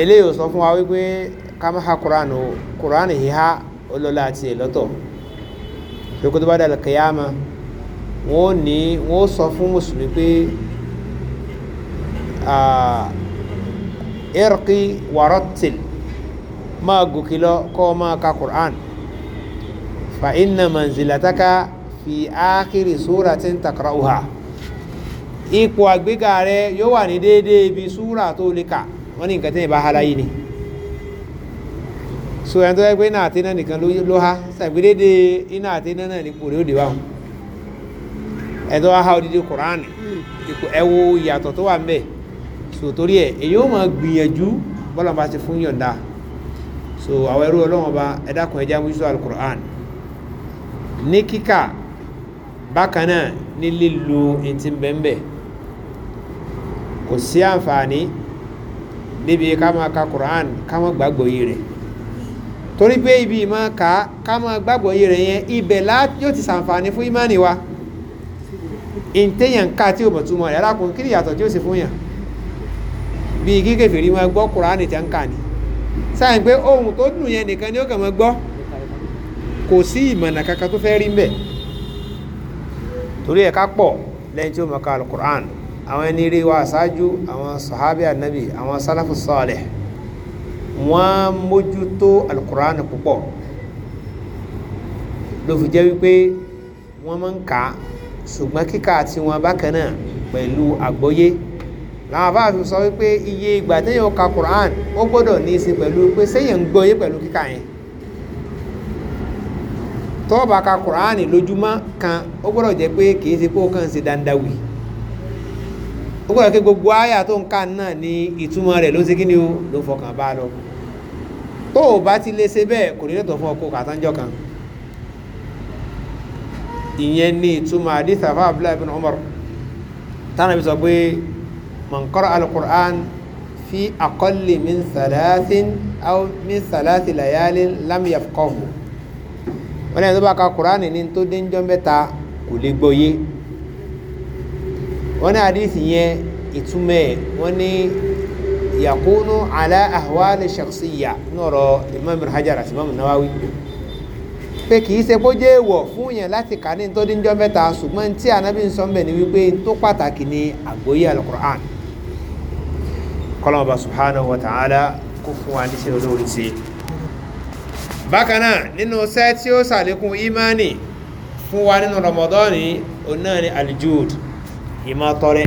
eléyìí ò sọ fún wa wípé ká má ha kuraani o kuraani híhá olóla àti èlọ́tọ̀ lókòtò bá dàlẹ́ kẹyàmà wọn ò ní wọn ò sọ fún mùsùlùmí pé irqi warotil máa gòkè lọ kọ́ máa ka quran fa inna manzilataka fi ákìrì súra tí ń takara uha ipò àgbéga rẹ yóò wà ní déédéé ibi súra tó lè kà wọ́n ní nǹkan tí ìbá ha láyé ni so ẹni tó yẹ pé iná àti iná nìkan ló ha sàgbé déédéé iná àti iná náà ní kòrè òde báwọn ẹni tó wá ha odidi kuraani ẹ wo ìyàtọ̀ tó wà ń bẹ̀ so torí ẹ èyí ó máa gbìyànjú bọ́lá bá ti fún yọ̀ǹda so àwọn ẹrú ọlọ́wọ́n bá ẹ dákun ẹ já mú alukur'an ní kíkà bákan náà ní lílo etí bẹ́ńbẹ́ kò sí àǹfààní níbi ká máa ka Quran ká máa gbàgbọ́ yìí rẹ̀ torí pé ibi ìmọ̀ ká ká máa gbàgbọ́ yìí rẹ̀ yẹn ibẹ̀ láti yóò ti sàǹfààní fún ìmánì wa ìtẹ̀yàn ká tí o mọ̀ túmọ̀ rẹ̀ alákùnrin kí ni ìyàtọ̀ tí ó sì fún yàn bíi kí kèfèrí máa gbọ́ Kùránì tí a ń kà ní sáyẹn pé ohun tó dùn yẹn nìkan ni ó kàn máa gbọ́ kò sí ìmọ̀nà kankan tó fẹ́ rí mbẹ̀ torí ẹ̀ka pọ̀ lẹ́yìn tí ó mọ̀ká alukur'an àwọn ẹni rí wa ṣáájú àwọn sahabi anabi àwọn salafu salih wọ́n mójútó alukur'an púpọ̀ ló fi jẹ́ wípé wọ́n máa ń kà á ṣùgbọ́n kíkà tí wọ́n bákan náà pẹ̀lú àgbọ́yé làwọn afáàfin sọ wípé iye ìgbà téèyàn ka quran ó gbọ́dọ̀ ní í ṣe pẹ̀lú pé séèyàn ń gbọ́yé pẹ̀lú kíkà yẹn tó bá ka kùránì lójúmọ́ kan ó gbọ́dọ̀ jẹ́ pé kìí ṣe pé ó kàn ṣe dandawì ó gbọ́dọ̀ kí gbogbo àyà tó ń kà náà ní ìtumọ̀ rẹ̀ ló ń ṣe kí ni o ló fọkàn bá lọ tó o bá ti lè ṣe bẹ́ẹ̀ kò ní lẹ́tọ̀ fún ọkọ̀ kàtánjọ́ kan ìyẹn ní ìtumọ̀ àdìsá fún abdullahi bin umar tánà bí sọ pé man qara'a fi aqalli min salasin aw min salasi layalin lam yafqahu wọn lẹ́yìn tó bá ka kuraani ní tó dé njọ́ mẹ́ta kò lè gbọ́ yé wọn ní àdìsí yẹn ìtumẹ̀ wọn ní yakunu ala ahwali shakhsiya nọrọ imam hajar àti imam nawawi pé kì í ṣe kó jẹ́ èèwọ̀ fún yẹn láti kà ní tó dé njọ́ mẹ́ta ṣùgbọ́n tí anabi ń sọ ń ni wípé tó pàtàkì ni àgbóyé alukur'an kọ́lọ́mọba subhanahu wa ta'ala kó fún wa ní ṣe olórí bákanáà nínú sẹ́ tí ó sàlékún imani fún wa nínú ramadani òun náà ni aljud ìmá tọrẹ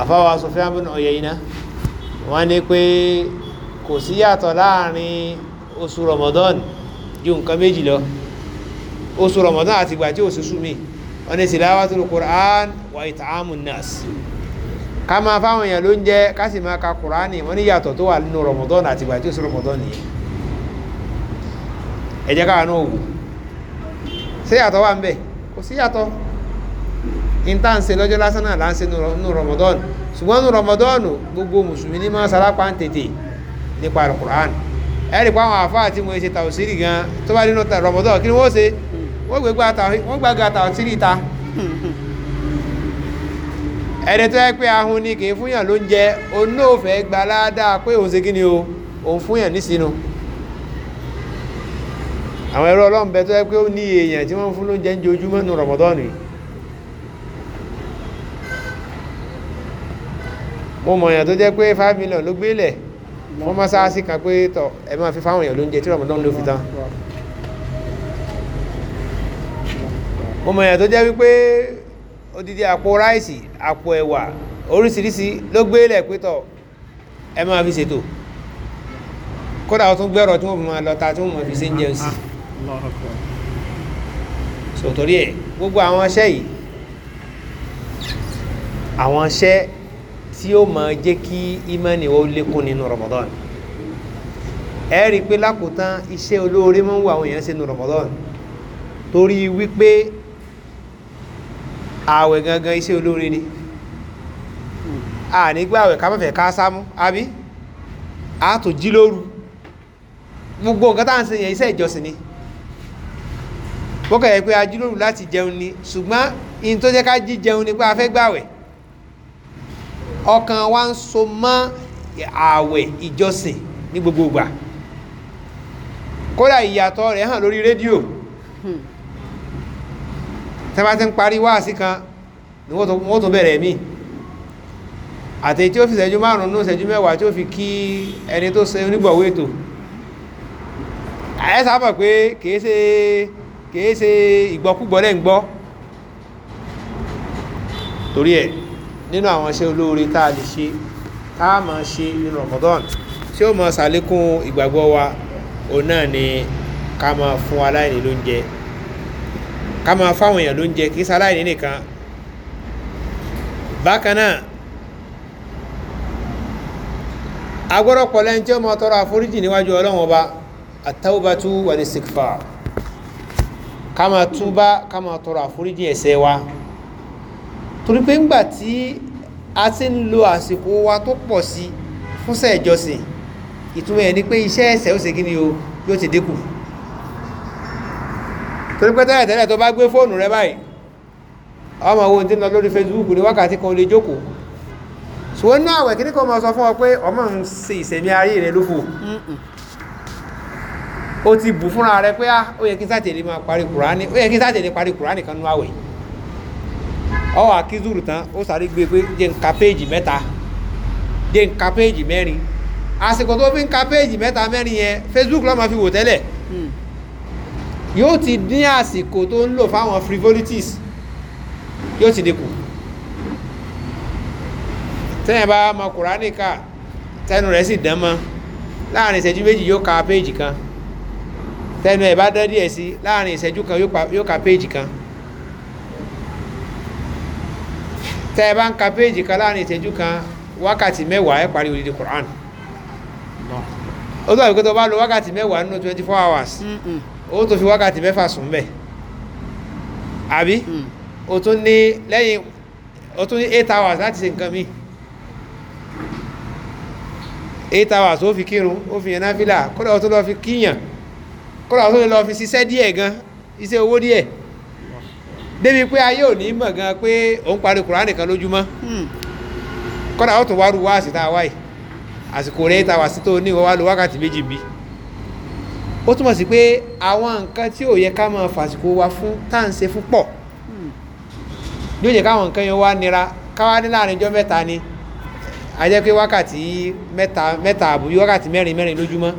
àfáwà Sufyan bin Uyayna wọ́n ní pé kò sí yàtọ̀ láàrin oṣù ramadan ju nǹkan méjì lọ oṣù ramadan àti ìgbà tí oṣù súnmí wọ́n ní tilawatul Qur'an wa it'amun nas ká máa fáwọn èèyàn ló ń jẹ́ ká sì máa ka Qur'ani wọ́n ní yàtọ̀ tó wà nínú ramadan àti ìgbà tí oṣù ramadan nìyẹn ẹ jẹ́ káwọn náà wa ṣé yàtọ̀ wà ń bẹ̀ kò sí yàtọ̀ n tá lọ́jọ́ lásán náà gbogbo mùsùlùmí ní máa sárápá ń tètè nípa alukur'an ẹ pa àwọn àfáà tí mo ṣe tàwùsírì gan tó bá nínú kí ni wọ́n ṣe wọ́n ta ẹni tó yẹ pé ni kì í fúnyàn ló ń jẹ òun náà fẹ́ pé o òun fúnyàn àwọn ẹrú ọlọ́run bẹ tó yẹ pé ó ní èèyàn tí wọ́n fún lóúnjẹ ń jojúmọ́ nù rọ̀mọ́dọ́nù mo mọ̀ èèyàn tó jẹ́ pé five million ló gbélẹ̀ wọ́n máa sáásì kan pé tọ̀ ẹ máa fi fáwọn èèyàn lóúnjẹ tí rọ̀mọ́dọ́nù ló fi tán mo mọ̀ èèyàn tó jẹ́ wípé odidi àpò ráìsì àpò ẹ̀wà oríṣiríṣi ló gbélẹ̀ pé tọ̀ ẹ máa fi ṣètò kódà ó tún gbẹ́rọ̀ tí wọ́n fi máa lọ ta tí wọ́n máa fi ṣe ń jẹun sí i sòtòrí ẹ̀ gbogbo àwọn iṣẹ́ yìí àwọn iṣẹ́ tí ó máa jẹ́ kí ìmánì ó lékún nínú Ramadan ẹ rí i pé lákòótán iṣẹ́ olóore máa ń wo àwọn èèyàn ṣe nínú torí wípé ààwẹ̀ gangan iṣẹ́ olóore ni ànígbà ààwẹ̀ ká mọ̀fẹ́ ká sámú àbí àtòjí lóru gbogbo nǹkan tá à ń ṣe yẹn ìjọsìn ni wọ́n kọ̀ yẹ pé ajíròrò láti jẹun ni ṣùgbọ́n in tó jẹ́ ká jí jẹun ni pé a fẹ́ gbàwẹ̀ ọkàn wa ń so mọ́ ààwẹ̀ ìjọsìn ní gbogbo ìgbà kódà ìyàtọ̀ rẹ̀ hàn lórí rédíò tẹ́ bá ti ń parí wáàsí kan ni wọ́n tún bẹ̀rẹ̀ míì àti tí ó fi ṣẹ́jú márùn-ún ṣẹ́jú mẹ́wàá tí ó fi kí ẹni tó ṣe onígbọ̀wé ètò àyẹ́sà mọ̀ pé kìí ṣe kìí ṣe ìgbọ́kúgbọ́ lẹ́ ń gbọ́ torí ẹ̀ nínú àwọn iṣẹ́ olóore tá a lè ṣe tá a máa ṣe nínú Ramadan tí ó máa ṣàlékún ìgbàgbọ́ wa òun náà ni ká máa fún aláìní lóúnjẹ ká máa fáwọn èèyàn lóúnjẹ kìí ṣe aláìní nìkan bákan náà agbọ́dọ̀ pọ̀lẹ́ńtì ó máa tọrọ àforíjì níwájú Ọlọ́run Ọba àtàwùbátú wà ní sikfar ká máa túbá ká máa tọrọ àforíjì ẹ̀ṣẹ̀ wa torí pé ńgbà tí a ti ń lo àsìkò wa tó pọ̀ sí fúnṣẹ́ ìjọsìn ìtumọ̀ ẹ̀ ni pé iṣẹ́ ẹ̀ṣẹ̀ ó ṣe kí ni o yóò ti dínkù torí pé tẹ́lẹ̀ tẹ́lẹ̀ tó bá gbé fóònù rẹ báyìí ọmọ wo ti ń lọ lórí Facebook ní wákàtí kan lè jókòó ṣùgbọ́n ní àwẹ̀ kíní kan máa sọ fún ọ pé ọmọ ń ṣe ìṣẹ̀mí ayé rẹ lófo o ti bù fúnra rẹ pé ah, ó yẹ kí sátẹ̀lé máa parí kùránì ó yẹ kí sátẹ̀lé parí kùránì kan nú àwẹ̀ ọwọ́ akízùrù tán ó sáré gbé pé jẹ́ ń ka péèjì mẹ́ta jẹ́ ń ka péèjì mẹ́rin àsìkò tó fi ń ka péèjì mẹ́ta mẹ́rin yẹn facebook lọ́ọ́ máa fi wò tẹ́lẹ̀ hmm. yóò ti dín àsìkò tó ń lò fáwọn frivolities yóò ti dínkù tẹ́yìn bá mọ kùránì kà tẹnu rẹ̀ sì dán mọ́ láàrin ìṣẹ́jú méjì yóò ka péèjì kan tẹnu ẹ̀ bá dán díẹ̀ sí láàrin ìṣẹ́jú kan yóò ka péèjì kan tẹ ẹ bá ń ka péèjì kan láàrin ìṣẹ́jú kan wákàtí mẹ́wàá ẹ parí odidi Quran ó dàbí pé tó bá lo wákàtí mẹ́wàá nínú twenty four hours ó tó fi wákàtí mẹ́fà sùn bẹ́ẹ̀ àbí mm. o tún ní lẹ́yìn o tún ní eight hours láti ṣe nǹkan míì eight hours ó fi kírun ó fi yẹn náfìlà kódà ó tún lọ fi kíyàn. kọ́lá tó lè lọ fi dị díẹ̀ gan iṣẹ́ owó díẹ̀ débi pé ayé ò ní gan pé òun parí kùránì kan lójúmọ́ hmm. kọ́lá ó wá ru wáàsì tá a wáyì àsìkò ta wà sí tó ní ìwọ́ ti wákàtí méjì bí ó túmọ̀ sí pé àwọn nǹkan tí ò yẹ ká wa fún tá à nira káwá ní láàrin ọjọ́ mẹ́ta ni a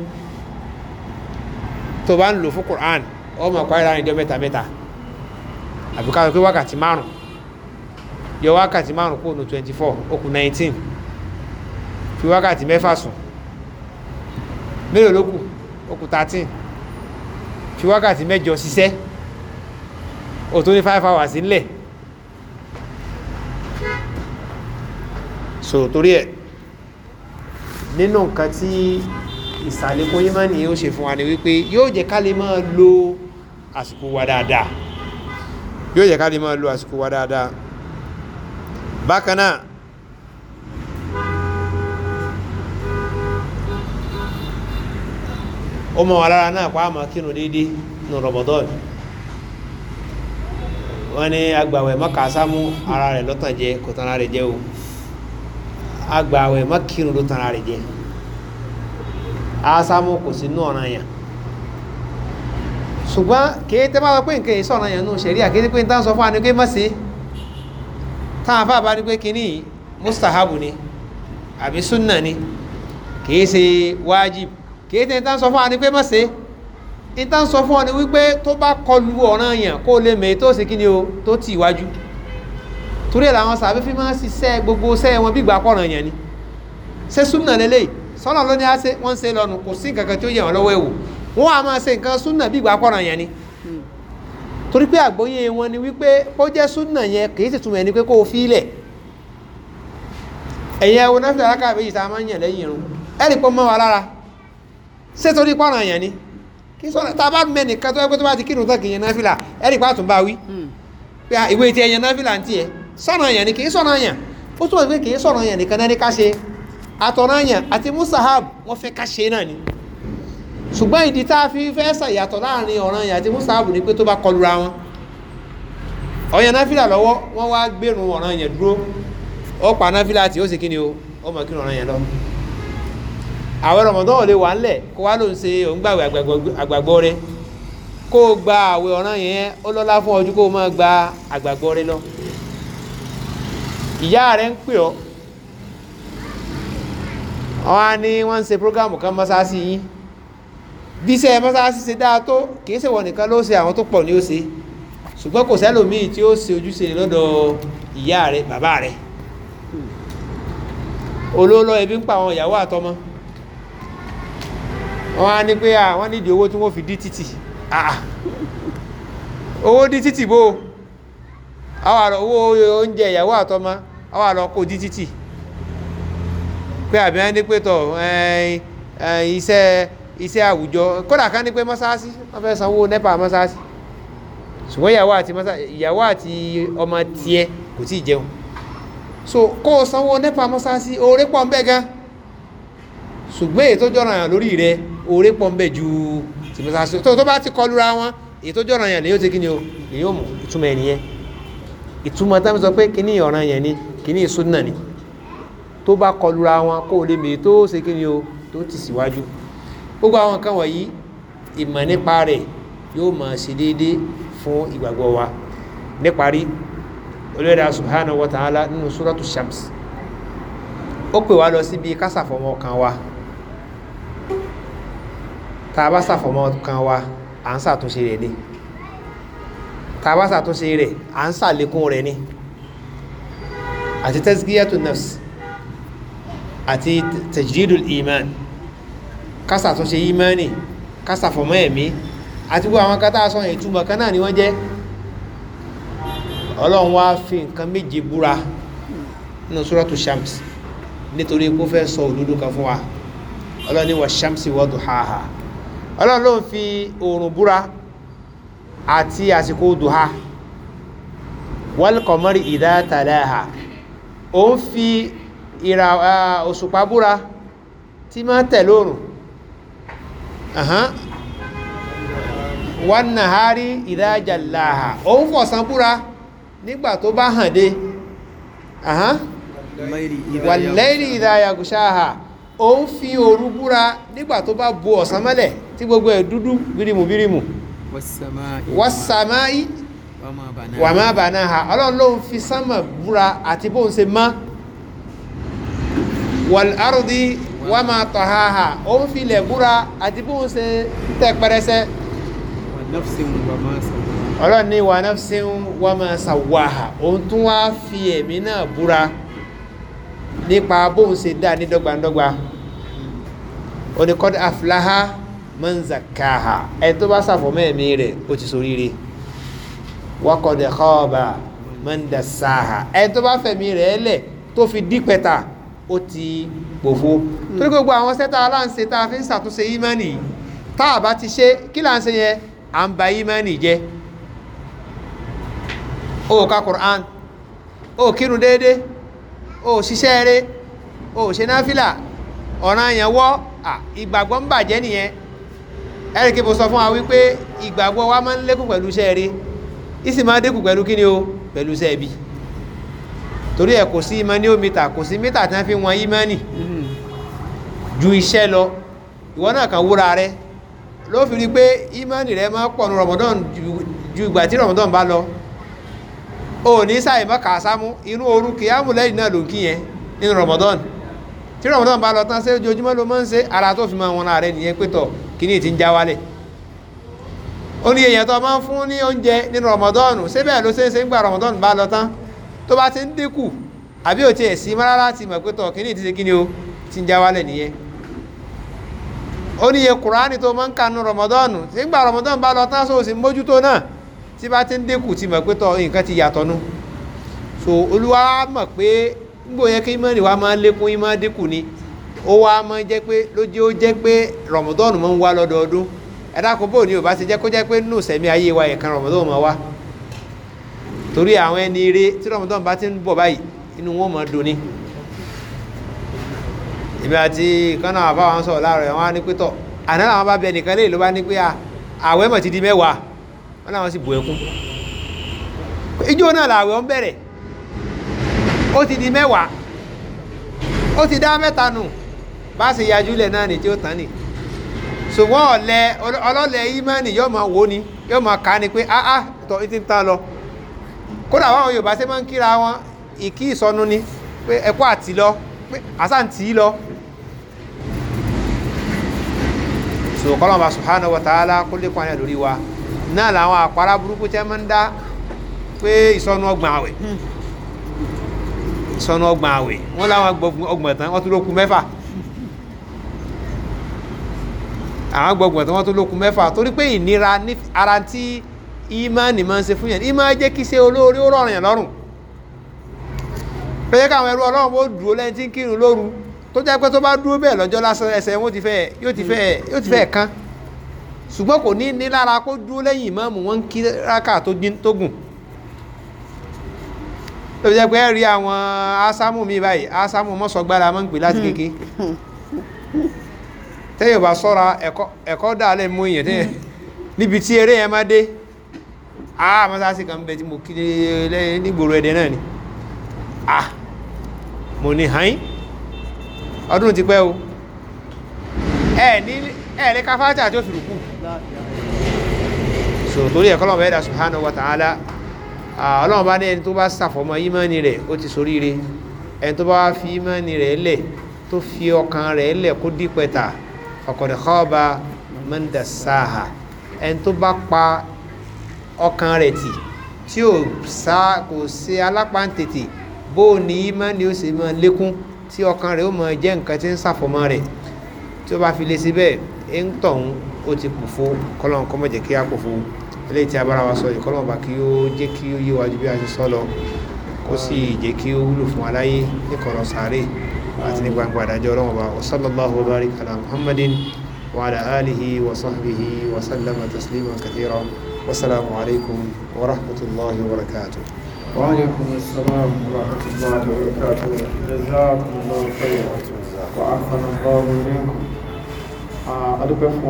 tó bá ń lò fún Qur'an ọmọ àkọ́rẹ́ láàrin ìjọ mẹ́ta mẹ́ta àbí ká sọ pé wákàtí márùn yọ wákàtí márùn kúrò ní twenty four ó kù nineteen fi wákàtí mẹ́fà sùn mélòó ló kù ó kù thirteen fi wákàtí mẹ́jọ ṣiṣẹ́ ó tó ní five hours ńlẹ̀ so torí ẹ̀ nínú nǹkan tí ìsàlékún ìmánì yóò ṣe fún wa ni wípé yóò jẹ́ ká lè máa lo àsìkò wa dáadáa yóò jẹ́ ká lè máa lo àsìkò wa dáadáa bákan náà ó mọ̀ wà lára náà pa àmọ́ kínú déédéé nù Ramadan wọ́n ní agbàwẹ̀ mọ́kà sámú ara rẹ̀ lọ́tàn jẹ kò tàn rẹ̀ jẹ o agbàwẹ̀ mọ́kìrún ló tàn ara rẹ̀ jẹ asámú kò sí inú ọ̀ràn yàn ṣùgbọ́n kìí tẹ́ bá wọ pé nǹkan ìsọ̀ràn yàn nù ṣẹ̀rí àkíní pé nǹkan sọ fún wa ni pé mọ̀ sí táwọn afá bá ní pé kínní mustahabu ni àbí sunna ni kìí ṣe wájib kìí tẹ́ nǹkan sọ fún wa ni pé mọ̀ sí nǹkan sọ fún ọ ni wípé tó bá kọlu ọ̀ràn yàn kó lè mèé tó sì kíni o tó tì iwájú torí ẹ̀ làwọn sàbẹ́fí máa ń ṣiṣẹ́ gbogbo ṣẹ́ wọn bí ìgbà kọ̀ràn yàn ni ṣé sunna lélẹ́yìí sọ́nà ló ní á ṣe wọ́n ń ṣe lọ́nu kò sí nǹkan kan tí ó yẹ wọ́n lọ́wọ́ ẹ̀wò wọ́n á máa ṣe nǹkan súnà bí ìgbà pọ̀ràn yẹn ni hmm. torí pé àgbóyè wọn ni wípé ó jẹ́ súnà yẹn kì í sì túmọ̀ ẹni pé kó o fi ilẹ̀ ẹ̀yẹ wo náà fi àlákà àbẹ́yì tá a máa ń yàn lẹ́yìn irun ẹ̀rì pọ́ mọ́ wa lára ṣé torí pọ̀ràn yẹn ni kí sọ́nà tá a bá mẹ́ nìkan tó yẹ pé tó bá ti kírun tán kì í yan náà fìlà ẹ̀rì pọ́ àtúnbá wí hmm. pé ìwé ti ẹ̀yàn náà fìlà ń tiẹ̀ sọ́nà yẹn ni kì í sọ́nà yẹn ó túmọ̀ pé kì í sọ́nà yẹn nìkan náà ní ká ṣe àtọ̀ranyàn àti musahab wọ́n fẹ́ ká ṣe náà ni ṣùgbọ́n ìdí tá a fi fẹ́ ṣàyàtọ̀ láàrin ọ̀ranyàn àti musahab ni pé tó bá wọn ọ̀yàn náfìlà lọwọ, wọ́n wá gbẹ̀rùn ọ̀ranyàn dúró ó pa tí ó sì o ó kí lọ àwọn ò lè wà kó wá ló ń ṣe rẹ kó o gba yẹn ó lọ ìyá rẹ ń àwọn á ní wọ́n ń ṣe prógámù kan mọ́sáàsì yín bí iṣẹ́ mọ́sáàsì ṣe dáa tó kì í ṣe wọ̀n nìkan ló ṣe àwọn tó pọ̀ ní ó ṣe ṣùgbọ́n kò sẹ́lòmíì tí ó ṣe ojúṣe lọ́dọ̀ ìyá rẹ bàbá rẹ olóòlọ́ ẹbí ń pa àwọn ìyàwó àtọmọ wọ́n á ní pé àwọn nídìí owó tí wọ́n fi dí títì owó dí títì bó àwọn àlọ́ owó oúnjẹ ìyàwó àtọmọ àwọn àlọ́ kò dí títì pé àbí wọn ní pé tọ iṣẹ́ iṣẹ́ àwùjọ kódà kan ní pé mọ́sáàsì wọ́n fẹ́ sanwó nepa mọ́sáàsì ṣùgbọ́n ìyàwó àti ìyàwó àti ọmọ tiẹ̀ kò tí ì jẹun so kó o sanwó nepa mọ́sáàsì oore pọ̀ ń bẹ gan ṣùgbọ́n èyí tó jọ̀ràn yàn lórí rẹ oore pọ̀ ń bẹ ju ti mọ́sáàsì tó tó bá ti kọlura wọn èyí tó jọ̀ràn yàn lèyí ó ti kí ni o èyí ó mú ìtumọ̀ ẹ̀ nìyẹn ìtumọ̀ táwọn sọ pé kíní ọ̀ràn yẹn ni kíní sunna ni tó bá kọlura wọn kó o lè mè tó ṣe kí ni o tó ti síwájú gbogbo àwọn nǹkan wọ̀nyí ìmọ̀ nípa rẹ̀ yóò mọ̀ ṣe déédé fún ìgbàgbọ́ wa níparí olóòdà subhanahu wa ta'ala nínú suratu shams ó pè wá lọ síbi ká ṣàfọmọ ọkàn wa tá a bá ṣàfọmọ ọkàn wa à ń ṣàtúnṣe rẹ̀ ni tá a bá ṣàtúnṣe rẹ̀ à ń ṣàlékún rẹ̀ ni àti tazkiyatun nafs àti tajdidul iman kásà tó ṣe imani kásà fọmọ́ ẹ̀mí àti gbogbo àwọn kátà sọ ìtumọ̀ kan náà ni wọ́n jẹ́ ọlọ́run wá fi nǹkan méje búra nínú suratu shams nítorí kó fẹ́ sọ òdodo kan fún wa ọlọ́run ní wa shamsi wa duhaha ló ń fi oòrùn búra àti àsìkò duha wal qamari idha talaha ó ń fi ìrà òṣùpá búra tí máa tẹ̀ lóòrùn wọ́n nà á rí ìdájàláhà òun fọ̀sán búra nígbà tó bá hàn dé wàlẹ́rì ìdáyàgùsáhà òun fi òru búra nígbà tó bá bo ọ̀sán mọ́lẹ̀ tí gbogbo ẹ̀ dúdú bírimù bírimù wàsàmáì wàmá bànáhà ọlọ́run ló ń fi sánmà búra àti bóun ṣe máa wàlárùdí wà máa tọ̀háhà ó ń filẹ̀ búra àti bóun ṣe tẹ́ pẹrẹsẹ. ọlọ́run ní wà náfṣẹ́ wà máa ṣàwàhà òun tún wá fi ẹ̀mí náà búra nípa bóun ṣe dá ní dọ́gbandọ́gba ó ní kọ́dí afláhá mọ́nzàkáhà ẹni tó bá ṣàfọ̀mọ́ ẹ̀mí rẹ̀ ó ti soríire wákọ̀dẹ̀ kọ́ọ̀bà mọ́ndàsáhà ẹni tó bá fẹ̀mí rẹ̀ lẹ̀ tó fi dípẹ́ta ó ti pòfo torí gbogbo àwọn sẹ́ta aláǹse tá a fi ń ṣàtúnṣe ìmánì tá a bá ti ṣe kí là ń ṣe yẹn à ń ba ìmánì jẹ́ ó ka Qur'an ó kírun déédéé ó ṣiṣẹ́ eré ó ṣe náfìlà ọ̀ràn yẹn wọ́ ìgbàgbọ́ ń bàjẹ́ nìyẹn ẹ̀rìkì bó sọ fún wa wípé ìgbàgbọ́ wa máa ń lékún pẹ̀lú iṣẹ́ eré ìsì máa ń dínkù pẹ̀lú kíni o pẹ̀lú iṣẹ́ ibi. torí ẹ kò sí ìmánì ó mítà kò sí mita tí wọ́n fi wọn ìmánì ju iṣẹ́ lọ ìwọ náà wúra rẹ ló fi rí pé rẹ máa pọ̀ ní Ramadan ju ìgbà tí Ramadan bá lọ ò ní sáyé mọ́ kàásámú inú òru kìyàmù lẹ́yìn náà ló kí lọ tán ojoojúmọ́ ló máa ń ṣe ara tó fi máa wọn rẹ nìyẹn pé tọ̀ kíní ti ń já wálẹ̀ ó ní èèyàn tó máa ń fún ní oúnjẹ lọ tán tó bá ti ń dínkù àbí ò ti ẹ̀ sí mọ́ rárá ti mọ̀ pé tọ̀ kíní ti o ti ń já wálẹ̀ nìyẹn ó ní iye kùránì tó máa ń kanu rọmọdọ́ọ̀nù nígbà rọmọdọ́ọ̀nù bá lọ tán sóòsì mójútó náà tí bá ti ń dínkù ti mọ̀ pé tọ̀ nu so olúwa mọ̀ pé nígbò yẹ kí mọ́ni wa máa lékún yín máa dínkù ni ó wá máa jẹ́ pé lójú ó jẹ́ pé rọmọdọ́ọ̀nù máa ń wá lọ́dọọdún ẹ̀dá ti jẹ́ kó jẹ́ pé nù sẹ́mi ayé wa torí àwọn ẹni eré tí rọmọdọ́n bá ti ń bọ̀ báyìí inú wọn mọ̀ doni ìbí àti kánà àbáwọn sọ̀rọ̀ láàrọ̀ ẹ̀ á ní pé àná làwọn bá bẹ nìkan léyìí ló bá ní pé àwẹ̀ mọ̀ ti di mẹ́wàá wọ́n làwọn sì bù ẹkún ijó náà làwẹ̀ ń bẹ̀rẹ̀ ó ti di mẹ́wàá ó ti dá mẹ́ta nù bá sì yajúlẹ̀ náà ní tí ó tán nì ṣùgbọ́n ọ̀lẹ ọlọ́lẹ̀ ìmánì yóò máa wò ni yóò máa kà ni pé áá tọ́ ti ń tán lọ kódà àwọn yorùbá ṣe máa ń kíra wọn ìkí ìsọnu ni pé ẹkọ àti lọ pé àsáǹtì lọ sòkòlò ọba subhanahu wa ta'ala kó lékún àná lórí wa náà làwọn àpárá burúkú tẹ́ máa ń dá pé ìsọnu ọgbọ̀n àwẹ̀ ìsọnu ọgbọ̀n àwẹ̀ wọ́n láwọn ọgbọ̀n tán wọ́n tún lókun mẹ́fà àwọn ọgbọ̀n tán wọ́n tún lókun mẹ́fà torí pé ìnira ara tí ìmánì máa ń ṣe fún yẹn ìmánì jẹ́ kí ṣe olóore ó rọrùn yẹn lọ́rùn pẹ̀lú káwọn ẹrú ọlọ́run ó dúró lẹ́yìn tí ń kírun lóru tó jẹ́ pé tó bá dúró bẹ́ẹ̀ lọ́jọ́ lásán ẹsẹ̀ wọn yóò ti fẹ́ kán ṣùgbọ́n kò ní ní lára kó dúró lẹ́yìn ìmáàmù wọn ń kí rákà tó gùn tó jẹ́ pé rí àwọn ásámù mi báyìí ásámù mọ́sọ̀gbára máa ń pè láti kéke tẹ́yìn bá sọ́ra ẹ̀kọ́ dà lẹ́nu níbi tí eré yẹn máa dé ah mọ́sáàsì kan bẹ tí mo kí lẹ́yìn nígboro ẹ̀dẹ̀ náà ni ah mo ní hàn ọdún ti pẹ́ o ẹ ní ẹ ní káfáàtà tó fi rùkú so torí ẹ̀kọ́ lọ́wọ́ ẹ̀dà subhanahu wa ta'ala ọlọ́run bá ní ẹni tó bá ṣàfọ̀mọ́ ìmọ̀ni rẹ̀ ó ti soríire ẹni tó bá fi ìmọ̀ni rẹ̀ lẹ̀ tó fi ọkàn rẹ̀ lẹ̀ kó dípẹ̀ta faqad khaba man dassaha ẹni tó bá pa ọkàn rẹ̀ tì tí ò sá kò ṣe alápáǹtètè bó o ní ìmánì ó sì mọ lékún tí ọkàn rẹ̀ ó mọ jẹ́ nǹkan tí ń ṣàfọ̀mọ́ rẹ̀ tí ó bá fi lè ṣe bẹ́ẹ̀ ń tọ̀hún ó ti pòfo kọ́lọ́n kọ́mọ̀ jẹ́ kí á pòfo eléyìí tí a bára wa sọ yìí kọ́lọ́n bá kí ó jẹ́ kí ó yé wájú bí a ṣe sọ lọ kó sì jẹ́ kí ó wúlò fún aláyé ní sáré àti ní gbangba àdájọ́ ọlọ́run wa sallallahu barika ala wa alihi wa sahbihi wa sallama taslima kathira والسلام عليكم ورحمة الله وبركاته وعليكم السلام ورحمة الله وبركاته جزاكم الله خيرا وعفنا الله منكم آه،